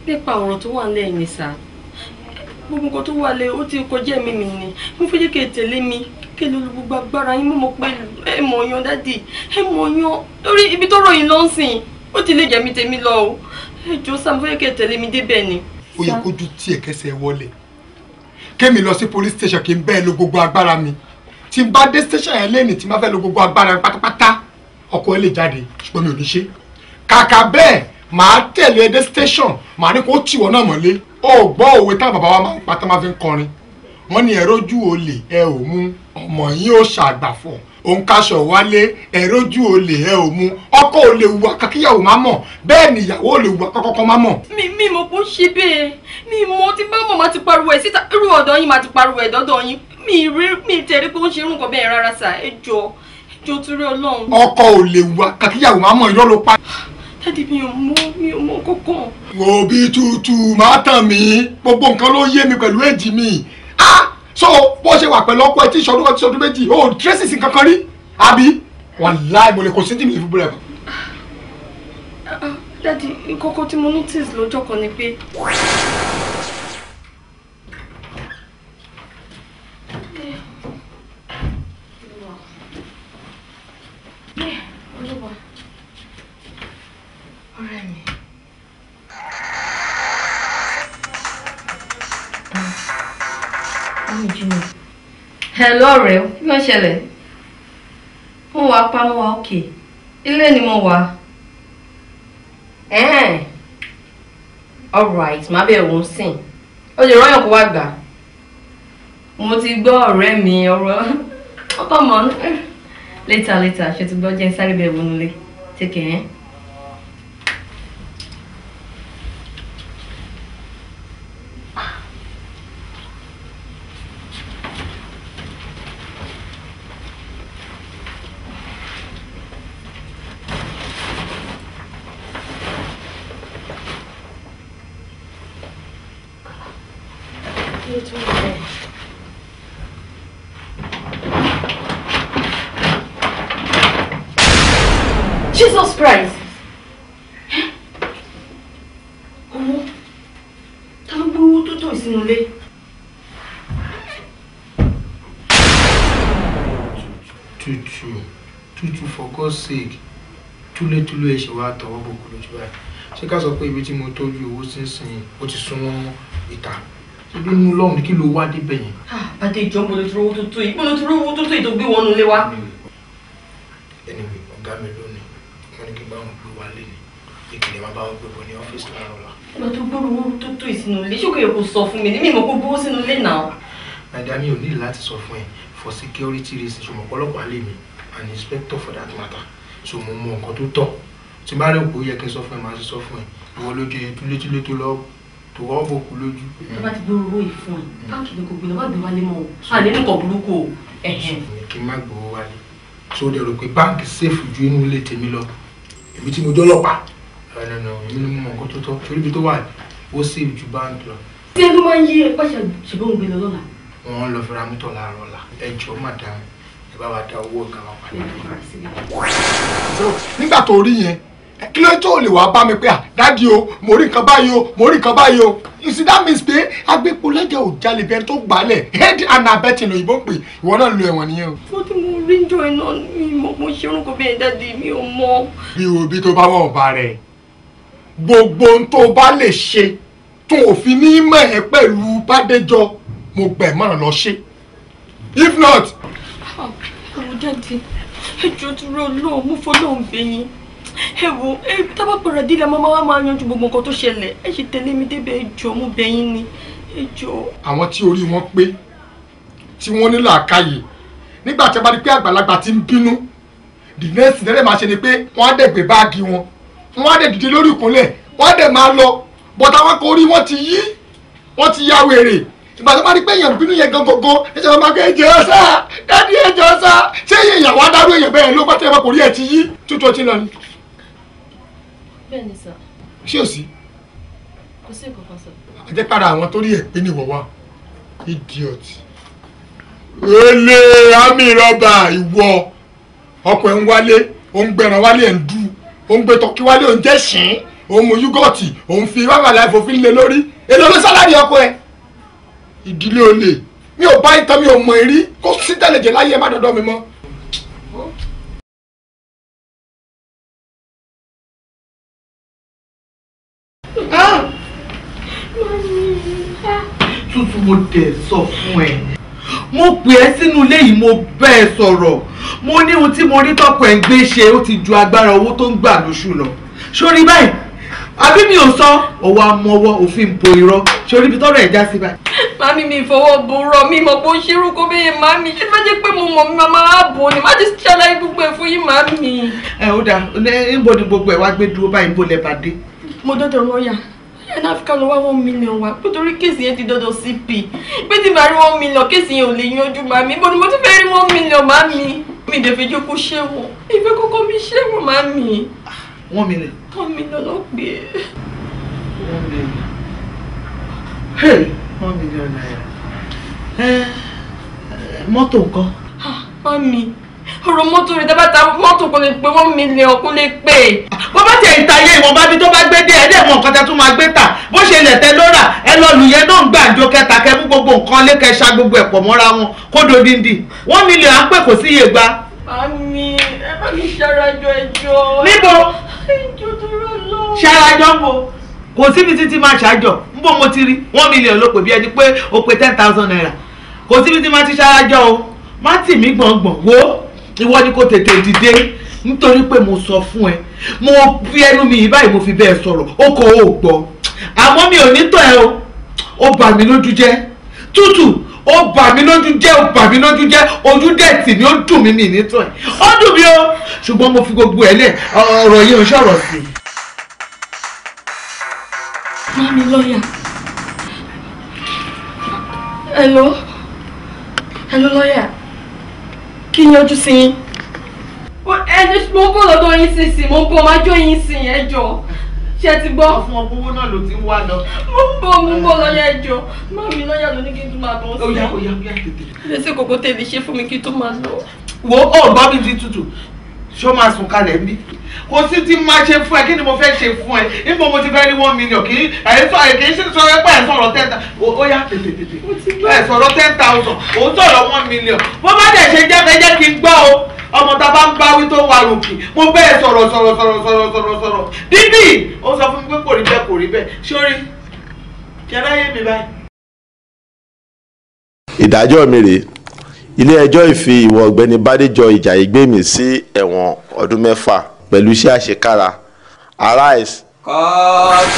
S4: nípa ọ̀rọ̀ tó wà nílẹ̀ ni sà gbogbo nǹkan tó wà lé ó ti kọjá mi mi ni mo fẹ́ jẹ́ kí ẹ tẹ̀lé mi kí ẹ lè gbogbo agbára yín mo mọ̀ pé ẹ mọ̀ yan dádì ẹ mọ̀ yan lórí ibi tó ròyìn lọ ń sìn ó ti lè jẹ̀mí tèmi lọ o ẹ jọ sà mo fẹ́ jẹ́ kí ẹ tẹ̀lé mi débẹ̀ ni.
S1: ó yẹ kójú tí ẹ kẹsẹ̀ wọlé kémi lọ sí police station kí n bẹ́ẹ̀ lo gbogbo agbára mi tí n bá dé station yẹn lẹ́nìí tí n bá fẹ́ lo gbogbo agbára pátápátá ọkọ̀ ẹ lè jáde ṣùgbọ́n mi ò ní ṣe kàkà bẹ́ẹ̀ màá tẹ̀lé ẹdẹ station màá ní kó tìwọ́ náà mọ́lé ó gbọ́ òwe táwọn bàbá wa máa ń pa tá máa fi ń kọrin wọ́n ní ẹ̀rọ ojú olè ẹ ò mú ọmọ yín ó ṣàgbàfọ̀ òun kaṣọ wálé ẹ̀rọ ojú olè ẹ ò mú ọkọ ò lè wù akákíyàwó má mọ̀ bẹ́ẹ̀ ni ìyàwó ò lè wù akọ́kọ́kọ́ má mọ̀.
S4: mi mi mo kò ṣe bẹ́ẹ̀ mi mo ti bá mọ̀ máa ti pariwo ẹ̀ síta irú ọ̀dọ́ yín máa ti pariwo ẹ̀ dọ́dọ̀ yín mi rí mi tẹ̀rí pé ó ń ṣe irú nǹkan bẹ́ẹ̀ rárá sà ẹ jọ ẹ jọ torí ọkọ
S1: ò lè wù akákíyàwó má mọ̀ irọ́ ló pa
S4: dáàdi mi ò mọ mi ò mọ kankan.
S1: wo bí tútù máa tàn mí gbogbo nǹkan ló yé mi pẹ̀lú èjì mi ah so bó ṣe wà pẹ̀lú ọkọ ẹ tí ìṣọdún kan ti ṣọdún méjì o tracy sí kankan rí àbí wàláì mo lè kó sí tìmí ìfúnbúrẹ́ bọ̀.
S4: Ah, ah, dáàdi kókó tí mo notice lọ́jọ́ kan ni pé. Yeah. Mm. Mm, ọ̀rẹ́ mi. ọmọ ìjìnà ẹ lọ́rẹ̀ẹ́ kí ló ṣẹlẹ̀ mo wà pa mo wà òkè ilé ni mo wà. alright má bẹ̀ òun sìn ó lè rọ́yàn kó wá gbà mo ti gbọ́ ọ̀rẹ́ mi ọ̀rọ̀ ọkọ̀ mọ́ later later ṣe ti gbọ́ jẹ́ sáré Be wọnú lé take care. Eh? Jesus Christ! Owó ta ló gbé owó tó tó ìsinú ilé?
S1: Tútù tútù for God's sake túlétúlé ẹ ṣe wá tọwọ́ bòkú lójú báyìí ṣé ká sọ pé ibi tí mo tọ́jú owó sínsìn ó ti súnmọ́ ìta ṣebí inú lọ́hùn kí ló wá débẹ̀ yẹn.
S4: bàtà ìjọ mo lè tọrọ owó tó tó yìí mo lè tọrọ owó tó tó yìí tó gbé wọnú ilé wa.
S1: anyway ọ̀gá mi lónìí wọ́n ní kí bá wọn gbé wa lé ní ìkìlẹ̀ máa bá wọn gbé bọ̀ ní ọ́fíìsì láàárọ̀ la.
S4: ìgbà tó gbóró owó tó tó yìí sínú ilé ṣókè yòókù sọ fún mi ní mímọ kó gbówó sínú ilé náà.
S1: nàìjíríà mi ò ní láti sọ fún ẹ for security reasons ṣùgbọ́n ọ̀pọ̀lọpọ̀ alẹ́ mi an inspector for that matter so mo mọ nǹkan tó tọ́ tí bá rẹ̀ kó yẹ kí n sọ fún ẹ máa ṣe sọ fún ẹ ìwọ lójú lójú lójú lọ́wọ́ tó wọ́n bò kú lójú.
S4: tó bá ti gbóró yìí fún mm. ẹ báńkì ni kò gbé lọ má gbé wálé mọ́ o má lè nìkan burúkú o. sùnmí
S1: kí n má gbowó wálé tó dẹ̀ rò pé báńkì sèfù ju inú ilé tèmi lọ èmi tí mo jọ́ lọ́pàá. ẹnu nà èmi ni mo mọ nǹkan tó tọ́ torí ibi tó wà ó sèfù ju báńkì lọ.
S4: tí ẹni máa ń yí ẹpẹ́ ṣègbóhùn gbé lọ lọ́la.
S1: wọ́n lọ fi ra mọ́tò láàárọ̀ la ẹ jọ̀ọ́ madam ẹ bá wa da owó ọ̀gá wa padà. nígbà tó kí ló tó lè wá bá mi pé à dáàdi o mo rí nǹkan báyìí o mo rí nǹkan báyìí o you see that means pé agbépo lẹ́jẹ̀ ò jalè bẹ́ẹ̀ tó gbálẹ̀ head and abetting lòyìnbó pé ìwọ náà lo ẹ̀wọ̀n nìyẹn o.
S4: mo ti mo rí njọ iná mi mo mo ṣe orúkọ bẹ́ẹ̀
S1: dáàdi mi ò mọ. bí o bí tó bá wọ̀ ọba rẹ̀ gbogbo ohun tó bá lè ṣe tó òfin ní mọ̀ ẹ́ pẹ̀lú bàdéjọ mo gbẹ̀ mọ̀ràn lọ ṣe if
S4: not. àwọn jáde ẹjọ́ ti rọ lọ́ọ̀ mo fọ́ lọ́ọ̀ bẹ́yìn ẹ wo ẹ tábà pẹ̀rọ dílé ọmọ wa máa yanjú gbogbo nǹkan tó ṣẹlẹ̀ ẹ ṣe tẹ̀lé mi débẹ̀ ẹ jọ̀ọ́ mo bẹ̀ yín ni
S1: ẹ àwọn tí orí wọn pé tí wọn ní làákàyè nígbà tí a bá rí pé àgbàlagbà ti ń bínú the next nẹ́rẹ̀ máa ṣe ni pé wọ́n á dẹ̀ gbé báàgì wọn wọ́n á dẹ̀ dìde lórí ìkúnlẹ̀ wọ́n á dẹ̀ máa lọ bọ̀tà wọn kò rí wọn ti yí wọn ti ya wèrè ìgbà tó bá rí pé èèyàn bínú yẹn gan gangan ẹsẹ̀ máa gbé ẹjọ́ sá dádì ẹjọ́ sá ṣé èèyàn wá dárú èèyàn bẹ́ẹ̀ ló bá tẹ̀ wọn kò rí ẹ̀ ti yí tútù ọtí lọ ni bẹ́ẹ̀ ni sà. ṣé o sí.
S4: kò sí nǹkan kan sà.
S1: àjẹpára àwọn tó rí ẹ̀ pé ní ìwọ idiot. olè àmì rọba ìwọ ọkọ̀ ẹ̀ ń wálé ó ń gbẹran wálé ẹ̀ ń dú ó ń gbé tọ́kí wálé ó ń jẹ́ sìn òun mu yúgọ̀tì òun fi wàhálà láìfò lé lórí èlò ló sálárì ọkọ ẹ ìdílé olè mi ò bá ìtàn
S2: mi ò mọ̀ èrí kó sí tẹ̀lẹ̀jẹ̀ láyé ẹ má dọ́dọ́ mi mọ́. truth mo dẹ̀ sọ fún ẹ
S1: mo pè ẹ́ sínú ilé yìí mo bẹ́ ẹ sọ̀rọ̀ mo ní ohun tí mo rí tọkọ ẹ̀ ń gbé ṣe ó ti ju agbára owó tó ń gbà lóṣù lọ sórí báyìí àbí mi ò sọ ọwọ́
S4: amọ́wọ́ òfin bo irọ́ sórí ibi tọ́rọ̀ ẹ̀ já sí báyìí. mami mi ìfọwọ́ borọ mi mọ̀ pé ó ṣerú kó bẹ́ẹ̀ mami ṣé má jẹ́ pé mo mọ̀ mi máa bò ni má ti ṣàlàyé gbogbo ẹ̀ fún yín mami. ẹ ó dà
S1: níbo gbogbo ẹ̀ wá gbé dúró báyìí
S4: níbo lẹ bá dé. mo dọ́dọ̀ lọ́ọ̀yà ẹ̀ náà fi wá one million wa nítorí kéèsì yẹn ti dọ́dọ̀ CP pé tí màá rí one million kéèsì yẹn ò lè yanjú màá mi bọ́dún mo ti fẹ́ rí one million màá mi mi dẹ̀ fẹ́ jókòó ṣẹ́wọ̀n ìfẹ́ kọ́kọ́ mi ṣẹ́wọ̀n màá mi.
S3: one million. one million ló gbé.
S1: one
S4: million. hey one million naira. ẹ eh, eh, mọ́tò nǹkan. ah ọ̀rọ̀ mọ́tò rẹ̀ dábàá ta mọ́tò kò lè pé one million kò lè pé. bó bá tẹ̀ ta iye ìwọ̀nba bí tó bá gbé dé ẹlẹ́mọ̀ nǹkan tẹ́ tún máa gbé tà
S1: bó ṣe lẹ̀ tẹ́ ẹ lọ lùyẹ́ náà ń gbàǹjo kẹta kẹ mú gbogbo nǹkan lé kẹ ṣa gbogbo ẹ̀ mọ́ra wọn kó dodindi one million à ń pè kò sí iye gba.
S4: àmì ẹ bá mi ṣarajọ ẹjọ. níbo ẹjọ tó rọ lọ. ṣarajọ
S1: mo kò síbi títí máa ṣàjọ nbọ mo ti rí one million ló ìwọ ni kò tètè dìde nítorí pé mo sọ fún ẹ mo fi ẹnu mi yìí báyìí mo fi bẹ́ẹ̀ sọ̀rọ̀ o kò o gbọ́ àmọ́ mi ò ní tọ̀ ẹ́ o ó bà mí lójú jẹ́ tútù ó bà mí lójú jẹ́ ó bà mí lójú jẹ́ ojú dẹ̀ tì ó dùn mí mi ní tọ̀ ẹ́ ó dùn mí o ṣùgbọ́n mo fi gbogbo ẹ̀ lẹ̀ ọ̀rọ̀ yìí ò ṣọ̀rọ̀ sí
S4: i. wọ́n lọ́ọ̀yà hello hello lọ́ọ̀yà kí n yọjú sí yín. ẹni mo bọ̀ lọ́dọ̀ yín sí sí mo bọ̀ máa jó yín sí yẹn jọ ṣe ti gbọ́. ọ̀fun ọgbówó náà ló ti ń wá lọ. mo ń bọ̀ mo ń bọ̀ lọ́yà ẹjọ́ má mi lọ́yà ló ní kí n tún máa bọ̀ sí. ó yá ó yá tètè. ilé kòkó tèmi ṣe fún mi kí n tún máa lọ. wo ọ̀gbá mi
S1: di tútù ṣé ó máa sùn kalẹ̀ bí kò sí ti máa ṣe fún ẹ kí ni mo fẹ́ ṣe fún ẹ nígbà mo ti fẹ́ rí one million kì í ẹ̀ sọ ẹ̀ kì í sọ ẹ pẹ́ ẹ̀ sọ̀rọ̀ ten thousand ó yá tètè tètè ẹ̀ sọ̀rọ̀ ten thousand ó sọ̀rọ̀ one million bó bá dẹ̀ ṣe jẹ́ fẹ́ jẹ́ kí n gbọ́ o ọmọ tá a bá ń báwí tó wà lòkì mo bẹ́ẹ̀ sọ̀rọ̀ sọ̀rọ̀ sọ̀rọ̀ sọ̀rọ̀ sọ̀rọ̀ sọ̀rọ̀ dídì ó sọ fún mi pé kò rí bẹ́ẹ̀ kò rí bẹ́ẹ̀ sórí kẹ́ráyé mi báyìí. ìdájọ́ mi rèé ilé-ẹjọ́ ìfi ìwọ ọ̀gbẹ́ni Bádéjọ Ìjàyè gbèmí sí ẹ̀wọ̀n ọdún mẹ́fà pẹ̀lú iṣẹ́ àṣekára arise.
S4: cut.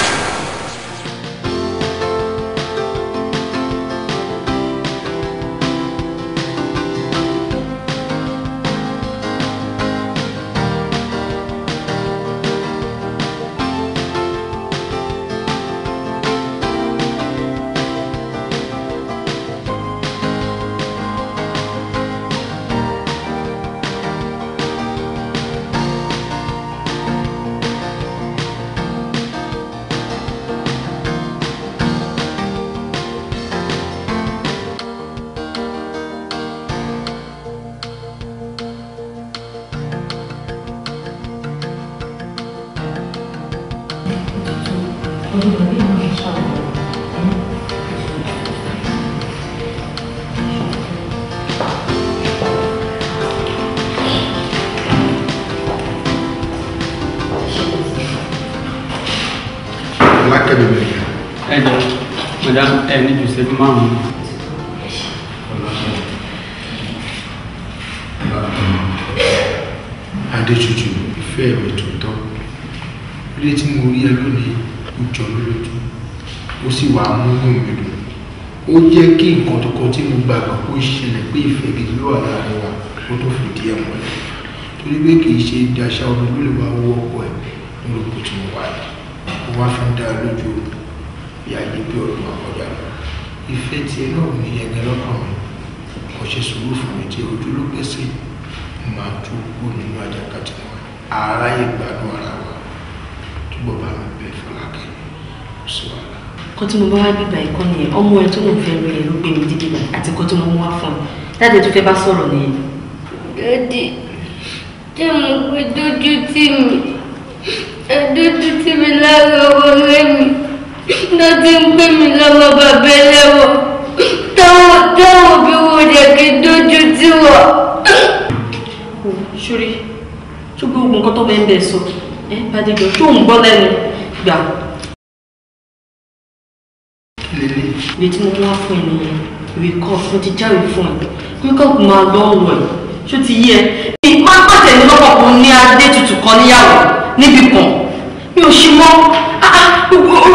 S1: ẹ ní ju ìṣẹ́jú márùn-ún. Adéjújú ìfẹ́ mi tó tọ́ ilé tí mo rí ẹ lónìí ó jọ lójú ó sì wàá mú inú mi ó jẹ́ kí nǹkan tó kọ tí mo gbàgbọ́ pé ó pé ìfẹ́ gidi ló wà láàrin wa ó tó fìdí ẹ̀ torí pé kì í ṣe ìdáṣà ọdún ló lè wá owó ọ̀pọ̀ ẹ̀ ní olùkùtù wà ó wá fi ń dá lójú omi ìyá yìí bí ọdún àkọjá lọ ìfẹ́ tiẹ̀ náà ní ẹni lọ́kàn mi kò ṣe sùúrù fún mi tí ojú ló gbèsè máa tó kú nínú àjàkátì wọn ara ìgbádùn ara wa túbọ̀ bá mi bẹ̀ fọlákẹ́ kò sí wàhálà.
S4: kan tí mo bá wá bíbá ẹ̀kọ́ nìyẹn ọmọ ẹ tó lòun fẹ́ rí ẹ ló gbé mi dídí àti kan tó mọ wá fún un dáadé tó fẹ́ bá sọ̀rọ̀ nìyẹn. ẹ̀ẹ́dì tí mo fi dójú tì mí ẹ dójú tì mí lára ọwọ́ rẹ̀ mi tó ti ń pè mí lọ́wọ́ bàbá ẹlẹ́wọ̀ táwọn táwọn bí wo jẹ́ kí n dójú tì wọ́. ṣúrí tó gbogbo nǹkan tó bẹ́ẹ̀ ń bẹ̀ sọ ẹ bá dé jọ tó ń gbọ́ lẹ́nu gbà. ìwé tí mo wá fún ẹ nìyẹn ìwé kọ́ fún ti jáwé fún ẹ kíkọ́ kò máa gbọ́ ọ̀rọ̀ ẹ̀ ṣó ti yé ẹ. ìpá pàtẹ́ ní lọ́pọ̀ kò ní adé tutù kan níyàwó níbi kan mi ò ṣe mọ́ ah, ah,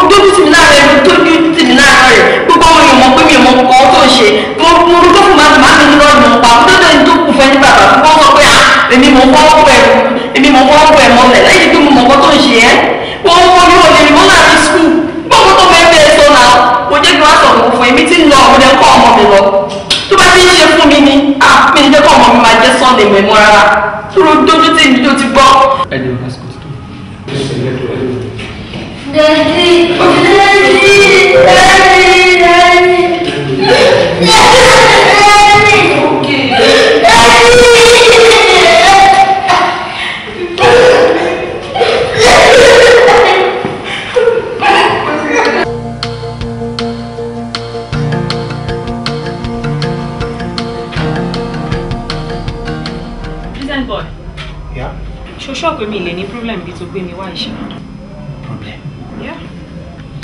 S4: tójú sí mi láàárẹ̀ mi tójú sí mi láàárẹ̀ gbogbo àwọn èèyàn mọ̀ pé mi ò mọ nǹkan tó ṣe mo rú tó fún ma tòmá mi lọ ìmọ̀ pa mo tọ́jú ẹni tó kù fẹ́ ní bàbá fún kọ́ pé ah, èmi mọ̀ kọ́ wọ̀ ẹ̀ èmi mọ̀ kọ́ wọ̀ ẹ̀ mọ́lẹ̀ lẹ́yìn pé mo mọ̀ kọ́ tó ṣe ẹ́ wọ́n wọ́n yóò lè mọ́ láàrin skul gbọ́n tó fẹ́ fẹ́ sọ náà mo jẹ́ gbọ́ pé mi lè ní problem bí tó gbé mi wá ìṣe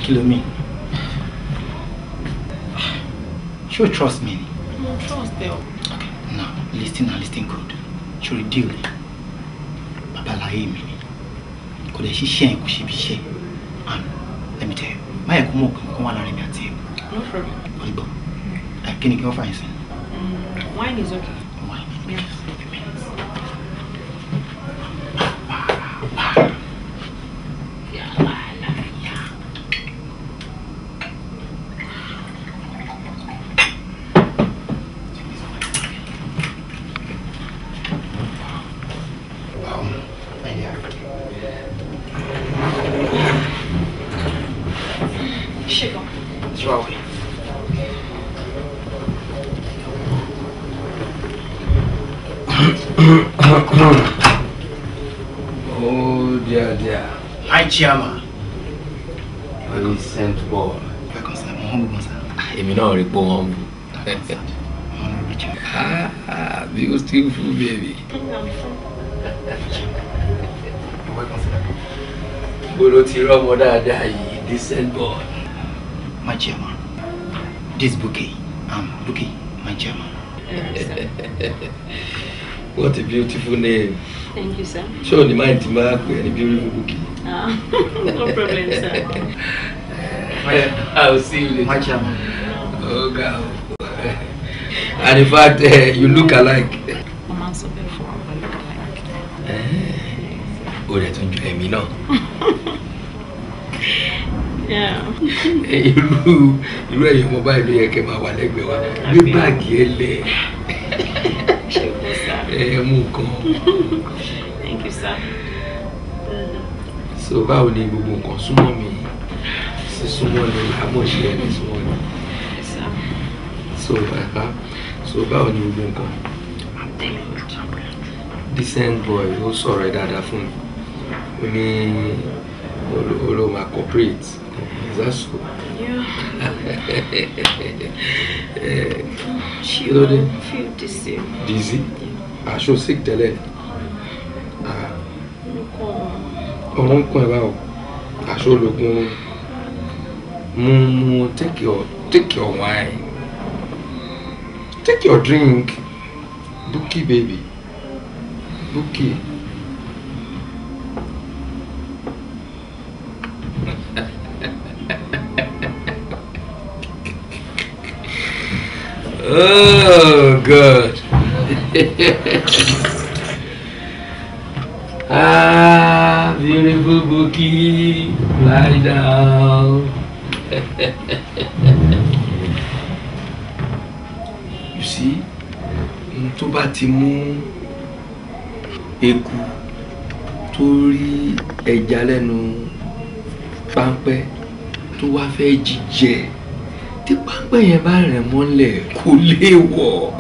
S1: kí me. mi ṣé trust me ni.
S4: mo trust ẹ o. okay
S1: now listen and listen good ṣòro deal ni babaláyé mi ni kò lè ṣiṣẹ́ yẹn kò ṣe and let me tell you máyà kó mọ̀ kankan wà láàrin mi àti ẹ̀. no problem. olùgbọ́ kí ni kí wọ́n fà
S4: mm, wine is okay. wine. Yeah.
S1: rọmọ dáadáa yìí decent boy. má jẹ́ mọ́ this bouquet um, bouquet My jẹ́ mọ́. What a beautiful name.
S3: Thank you, sir. Show the
S1: mind to mark and a beautiful bouquet.
S2: Ah, no problem, sir.
S1: I'll see you later. Much Oh, God. And in fact, uh, you look alike.
S3: I'm also beautiful, I look alike.
S1: Oh, that's what you mean, no?
S2: irú
S1: irú ẹ̀yin ọmọ báyìí ló yẹ kẹ́ máa wà lẹ́gbẹ̀ẹ́ wa gbé báàgì ẹ lẹ̀
S3: ẹ mú nǹkan. thank you sir.
S1: so báwo ni gbogbo nǹkan súnmọ́ mi sísúnmọ́ ni àmọ̀ṣe ẹni súnmọ́ ni so bàbá so báwo ni gbogbo nǹkan. decent boy ó sọ̀rọ̀ ẹ̀ dáadáa fún mi ó ní olóòmà corporate zasco. She don't feel dizzy. Dizzy? Yeah. Aṣọ sick tẹ́lẹ̀. Ah. Ọ̀run kún ẹ báwo. Aṣọ ológun. Mo mo take your take your wine. Take your drink. Bukki baby. Bukki.
S4: Oh, good.
S1: ah, beautiful bookie, lie down. you see, in tó batimu, ti mú eku tó rí ẹja lẹ́nu páńpẹ́ tó tí pápá yẹn bá rẹ̀ mọ́lẹ̀ kò lè wọ̀.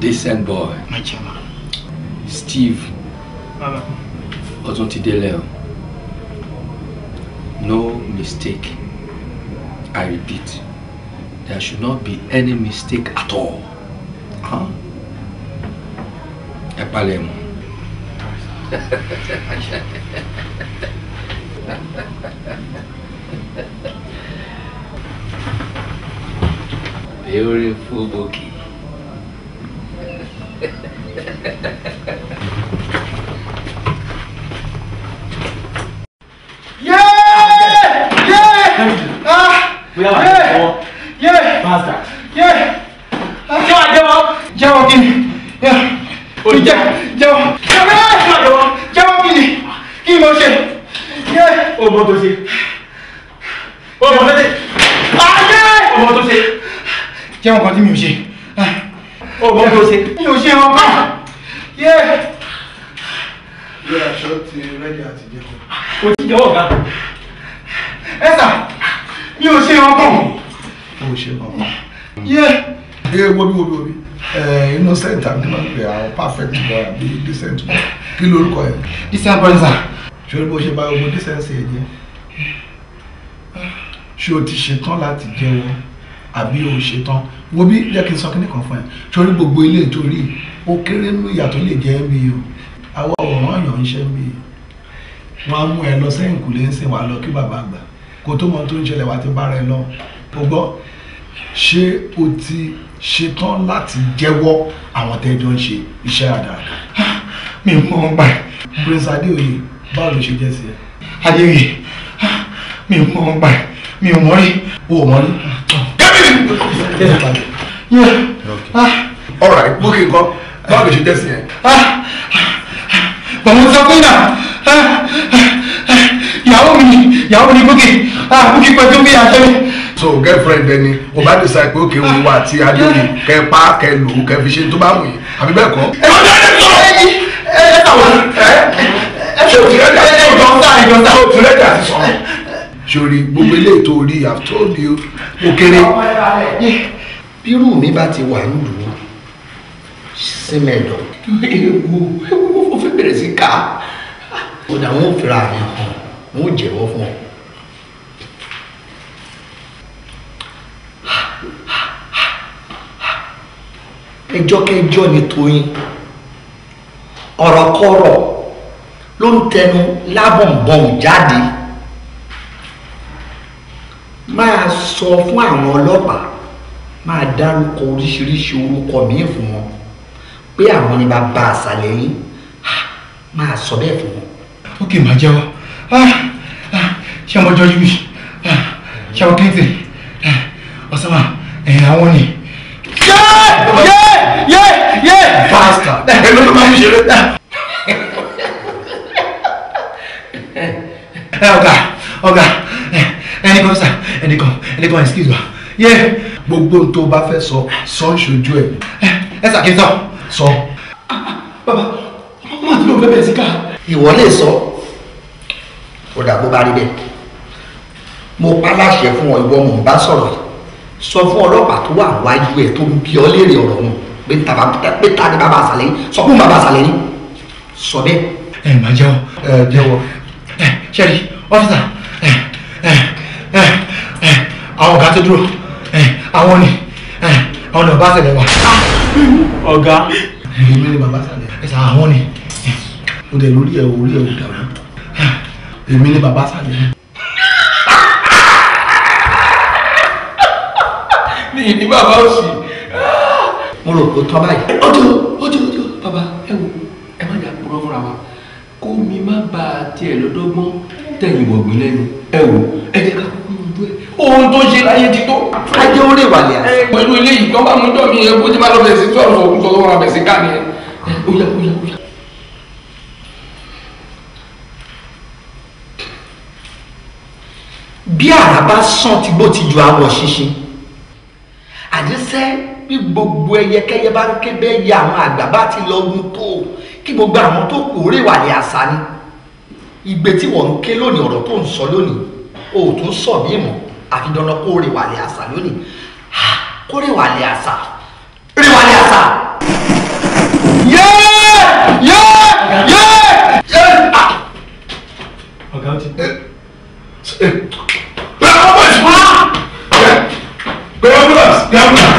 S1: Decent boy. My chairman. Steve. Baba. Ọtún ti délẹ̀ o. No mistake. I repeat, there should not be any mistake at all. Huh? Ẹ palẹ̀ Beautiful bookie. jẹ́ nǹkan tí mi ò ṣe. Ah, o o ṣe. mi ò ṣe wọn bá yẹ. ilé ti rẹ́dí àti jẹ́kọ̀ọ́. o ti jẹ́wọ́ ga. ẹ sà mi ò ṣe wọn o ṣe wọn bọ̀. yẹ. ẹ wo bí wo bí wo bí eh, innocent àbí náà pé àwọn boy àbí decent boy kí lorúkọ ẹ. decent boy sir. ṣé o bó ṣe bá gbogbo decency ẹ o ti àbí o ṣetán wo bí jẹ́ kí n sọ kí nìkan fún ẹ torí gbogbo ilé ìtorí ó kéré nínú ìyàtọ̀ lè jẹ́ mi o àwọn ọ̀ràn àyàn ń ṣe mi wọn á mú ẹ lọ sẹ́yìn kù lè ń sìn wà lọ kí bàbá àgbà kò tó mọ tó ń ṣẹlẹ̀ wà ti bára ẹ lọ o gbọ́ ṣé o ti ṣetán láti jẹ́wọ́ àwọn tẹ́jọ́ ń ṣe iṣẹ́ àdáàdá. mi mọ ọ́n gbà. prince adéoyè báwo ló ṣe jẹ́ sí ẹ. adéoyè mi mọ ọ́n gbà mi ò mọ̀ rí. o ò mọ̀ rí. kẹ́mi yeah
S2: yeah ah
S1: all right ah. Ah. mo kì í kọ́ báwo lè ṣe jẹ́ sí yẹn. bàbá sọ pé náà ah. ìyàwó mi ìyàwó mi Bukky Bukky pẹ̀lú mi àṣẹ mi. so girlfriend ẹni o bá decide pé òkè òun wà àti adóyè kẹ pa kẹ lù ú kẹ fi ṣe tó bá wù yín àbí bẹ́ẹ̀ kọ́. ẹ wọ́n dáná sọ ẹ ẹ ẹ ẹ ṣe òtún lẹ́jà sí sọ̀rọ̀ ẹ ṣe òtún lẹ́jà sí sọ̀rọ̀ sórí gbogbo ilé ètò orí i have told you mo kéré. bírù mi bá ti wà ń lù ú símẹ̀dọ̀. ewu ewu mo fi bẹ̀rẹ̀ sí ká. ọ̀dà wọn ò fira àyàn hàn wọn ò jẹ̀wọ́ fún ọ. ẹjọ́kẹjọ́ ni tóyin ọ̀rọ̀kọ̀rọ̀ ló ń tẹnu lábọ̀nbọ̀n jáde máa sọ fún àwọn ọlọ́pàá máa dárúkọ oríṣiríṣi orúkọ míì fún wọn pé àwọn ni bàbá àṣàlẹ̀ yín máa sọ bẹ́ẹ̀ fún wọn. ókè máa jẹ́ wá ṣé àwọn ọjọ́ yìí ṣé àwọn kéńtì ọ̀sánmà ẹ̀yìn àwọn ni. yé yé yé yé. pásítà ẹ ló ló máa ń ṣeré.
S2: ọ̀gá ọ̀gá
S1: ẹni kọ́sà ẹnìkan ẹnìkan excuse wa yẹ gbogbo tó bá fẹ́ sọ sọ ń ṣojú ẹ ẹ ṣàkíyèsọ sọ. bàbá ọmọ àti lóun fẹ́ sí ká. ìwọ lè sọ ó dà bá rí bẹ́ẹ̀ mo pa láṣẹ fún ọ ìwọ mò ń bá sọ̀rọ̀ sọ fún ọlọ́pàá tó wà wájú ẹ tó ń bi ọ léèrè ọ̀rọ̀ wọn pé ta ni bàbá àṣàlẹ̀ yìí sọ fún bàbá àṣàlẹ̀ yìí sọ bẹ́ẹ̀. ẹ má jẹ́wọ́ jẹ́wọ́ ṣẹ́rí ọ́fíìsà tó dúró àwọn ni àwọn ni bàbá àṣẹlẹ̀ wa. ọ̀gá. èmi ni bàbá àṣẹlẹ̀ ẹ̀sà àwọn ni o dẹ̀ lórí ẹ̀ orí ẹ̀ ò dàrú èmi ni bàbá àṣẹlẹ̀. ní ìní bàbá òsì. mo rò pé tọ́ báyìí. ó ti ó ti ó ti bàbá ẹ wo ẹ má jà kúrò fúnra wa kó mi má bàa tiẹ̀ lọ́dọ́gbọ́n tẹ̀yìn wọ̀gbìn lẹ́nu ẹ wo ẹ jẹ́ ká kú ohun tó ṣe láyé ti tó. ajé ó lè wà lẹ́yà. pẹ̀lú ilé yìí tọ́ba mú jọ́ mi yẹn bó ti máa lọ bẹ̀rẹ̀ sí sọ̀rọ̀ sọ̀rọ̀ sọ̀rọ̀ wọn bẹ̀rẹ̀ sí ká ni yẹn. óyá óyá óyá. bí àràbá sàn tí bó ti ju awọ ṣinṣin àdísẹ́ bí gbogbo ẹyẹkẹyẹ bá ń ké bẹ́ẹ̀ yẹ àwọn àgbà bá ti lọ gun tó kí gbogbo àwọn tó kórè wà ní àṣà ni ìgbé tí wọ́n ń ké lónìí ọ̀rọ̀ tó ń sọ lónìí òòtún sọ bí mọ̀ àfi dandan kó rè wàlẹ̀ àṣà lónìí kó rè wàlẹ̀ àṣà
S2: rè wàlẹ̀ àṣà. yé yé yé yé. ọ̀gá ó ti
S1: pẹ́. pé ambulance pé ambulance pé ambulance.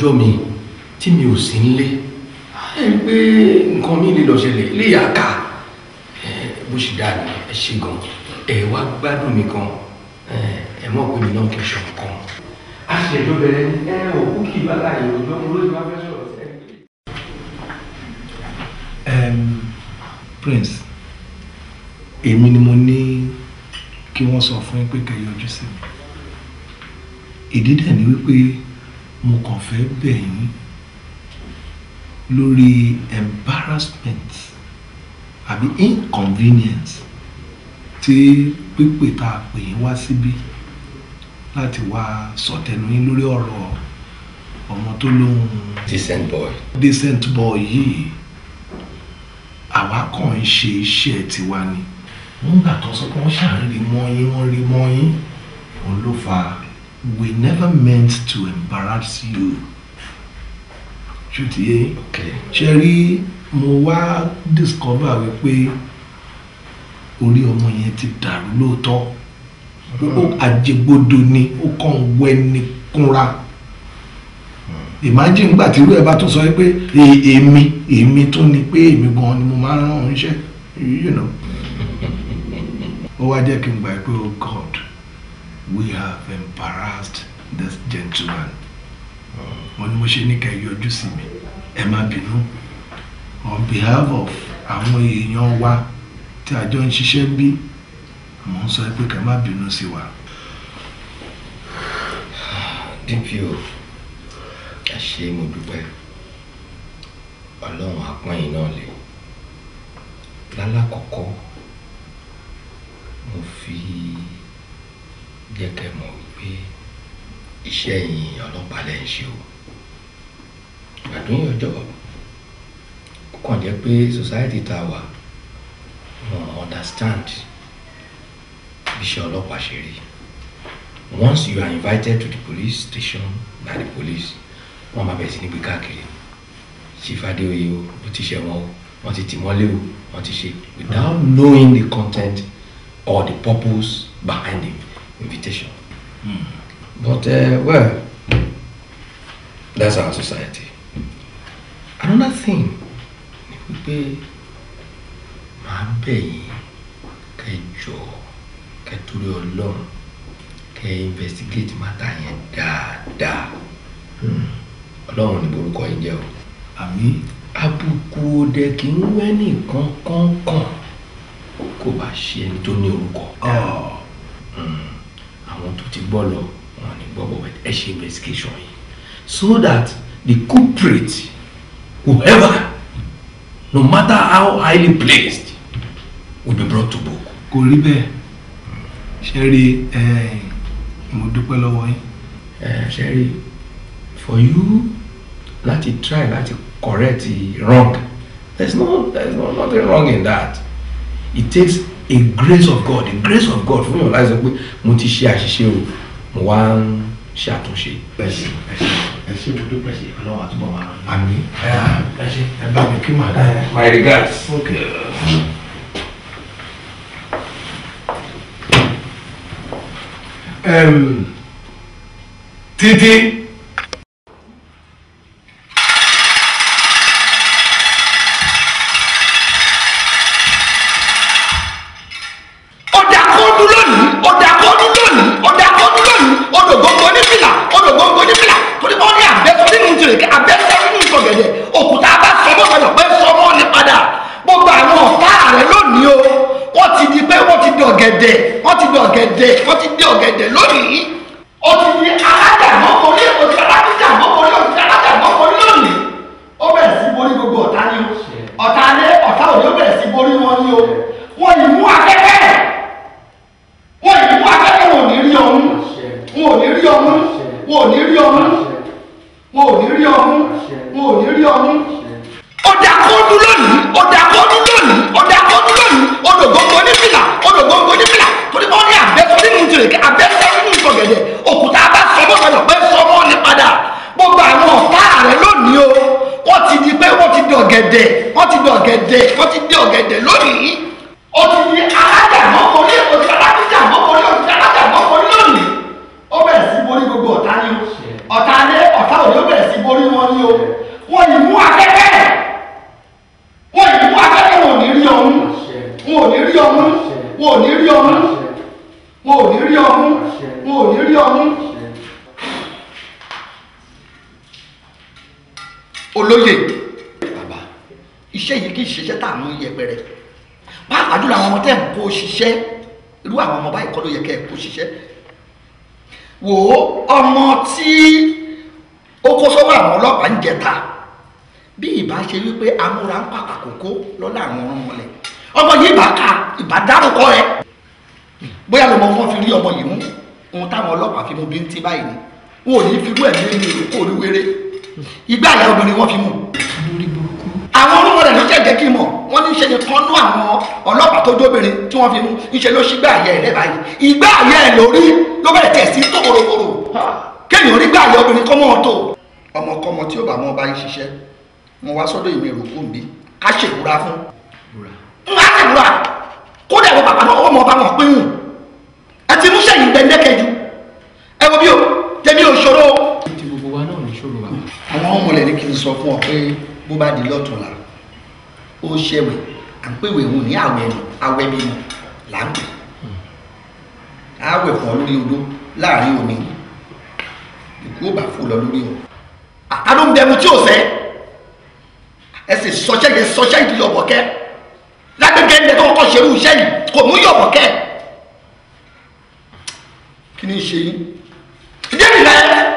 S1: jọ mi tí mi ò sí nílé ẹ rí i pé nǹkan mi lè lọ ṣẹlẹ̀ lè yà ká bó ṣe dáa ni ẹ ṣe gan ẹ wá gbádùn mi gan ẹ mọ̀ pé mi náà kì í ṣe nǹkan. a ṣe ẹjọ́ bẹ̀rẹ̀ ní ẹ òkú kì í bá láàyè ọjọ́ mo lóye máa fẹ́ sọ̀rọ̀ sẹ́yìn. Prince èmi ni mo ní kí wọ́n sọ fún yín pé kẹ́ sí mi ìdí dẹ̀ ni wípé mo kàn fẹ́ bẹ̀ yín lórí embarrassment àbí inconvenience tí pípè tá a pè yín wá síbí láti wá sọ̀tẹ̀nu yín lórí ọ̀rọ̀ ọmọ tó lóhun. decent boy. decent boy yìí àwa kàn ń ṣe iṣẹ́ tiwa ni. nígbà tó sọ pé wọ́n ṣàárín mọ́yín wọ́n rí mọ́yín òun ló fà we never meant to embarrass you ṣùtìyẹ ṣe rí mo wá discover wípé orí ọmọ yẹn ti dàrú lóòótọ́ ó àjẹgbodò hmm. ni ó kàn ń wẹ ní kúnra imagine nígbà tí irú ẹ bá tún sọ pé e, èmi èmi tún ni pé èmi gan ni mo máa ń rán òun iṣẹ́ you know ó wá jẹ́ kí n gbà pé oh God we have embarrassed this gentleman wọ́n ní mo ṣe ní ká yọjú sí mi ẹ má bínú on behalf of àwọn èèyàn wa tí àjọ ń ṣiṣẹ́ bí mò ń sọ pé ká má bínú sí wa. DPO àṣé mo dúpẹ́ ọlọ́run àpọ́n iná lè lálákọ̀ọ́kọ́ mo fi. Fi jẹ́ kẹ́ mọ̀ wípé iṣẹ́ yìí ọlọ́pàá lẹ́ ń ṣe o àdúyìn ọjọ́ ó kàn jẹ́ pé society tá wà wọn understand bí iṣẹ́ ọlọ́pàá ṣe rí once you are invited to the police station by the police wọ́n máa bẹ̀rẹ̀ sí ní gbé káàkiri chief adeoye o ó ti ṣe wọn o wọ́n ti tì mọ́lé o wọ́n ti ṣe without knowing the content or the purpose behind it invitation. Mm. But, uh, well, that's our society. Another thing ni wípé màá bẹ̀ yín kẹ́ jọ kẹ́ torí investigate mata yẹn dáadáa. Hmm. Ọlọ́run ni borúkọ yín jẹ́ o. Àmín. Àbùkù òde kì í wẹ́ nìkan kọ́ńkàn kó bá ṣe ẹni tó ní Oh àwọn tó ti gbọ́ lọ wọn ni gbọ́ bọ̀wẹ̀ investigation yìí so that the culprit whoever no matter how highly placed will be brought to book. kò rí bẹ́ẹ̀ ṣe rí mo dúpẹ́ lọ́wọ́ yín. ṣe rí for you láti try láti correct the wrong there is no there is no nothing wrong in that it takes The grace of God the grace of God fún yàn láti sọ pé mo ti ṣe àṣìṣe o mo wá ń ṣe àtúnṣe. ẹ ṣé ẹ ṣé mo dúpẹ́ sí ọlọ́wà tó bọ̀ wá. àmì ẹ ṣé ẹ bá mi kí màdá. Eh, my regards. Okay. Um, títí. jẹ́ kí n mọ̀ wọ́n ní ṣe ni tán nú àwọn ọlọ́pàá tó dóbìnrin tí wọ́n fi mú ìṣe ló ṣí gbáàyẹ rẹ̀ báyìí ìgbáàyẹ lórí ló bẹ̀rẹ̀ tẹ̀ sí tòkòròkòrò kéèyàn rí gbáàyẹ obìnrin kọ́mọ́ tó. ọmọkọmọ tí ó bá mọ bá ń ṣiṣẹ́ mo wá sọ́dọ̀ ìmì ìrókò ń bí ká ṣèwúra fún. ń wá ṣèwúra kódà ìwọ bàbá náà ó mọ bá wọn pín wù
S2: ẹ ti mú sẹ́yìn gbẹ̀ndẹ́kẹ̀jú
S1: ẹ wo bí o tẹ̀mí ò ṣòro. àwọn ọmọ lẹ́ni kì í sọ fún ọ pé bó bá di lọ́tọ̀ọ̀la ó ṣẹwẹ̀ à ń pèwé òun ní àwẹ̀ ni àwẹ̀ mi là ń pè àwẹ̀ fún lórí odó láàrin omi ìkú ò fò lọ lórí o àtàló ń bẹnu tí ò sẹ́ ẹ sì sọṣẹ́ yẹn yìí yọ̀bọ̀ kẹ́ lágbègbè ń tó kọ́ ṣerú iṣẹ́ yìí kò mú yọ̀bọ̀ kẹ́ kí ni ṣe yín ìdí èrè rẹ.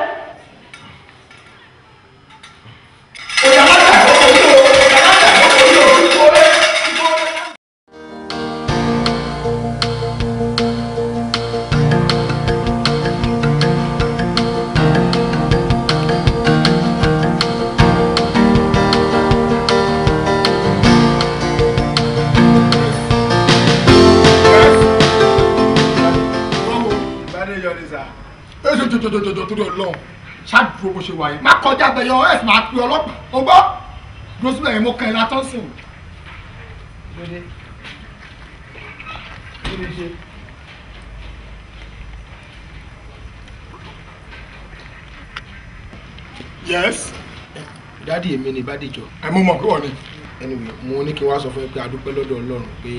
S1: jọjọjọjọ torí Ọlọ́run ṣáàdúró bó ṣe wà yìí má kọjá bẹyọ ẹ máa pe ọlọ́pàá o gbọ́ dúró síbẹ̀ mo kàn ẹ́ látọ́ sùn. yes. dádì èmi ni bádìjọ. ẹ mú mọ̀ kí wọ́n ni. anyway mo ní kí n wá sọ fún ẹ pé a lọ́dọ̀ Ọlọ́run pé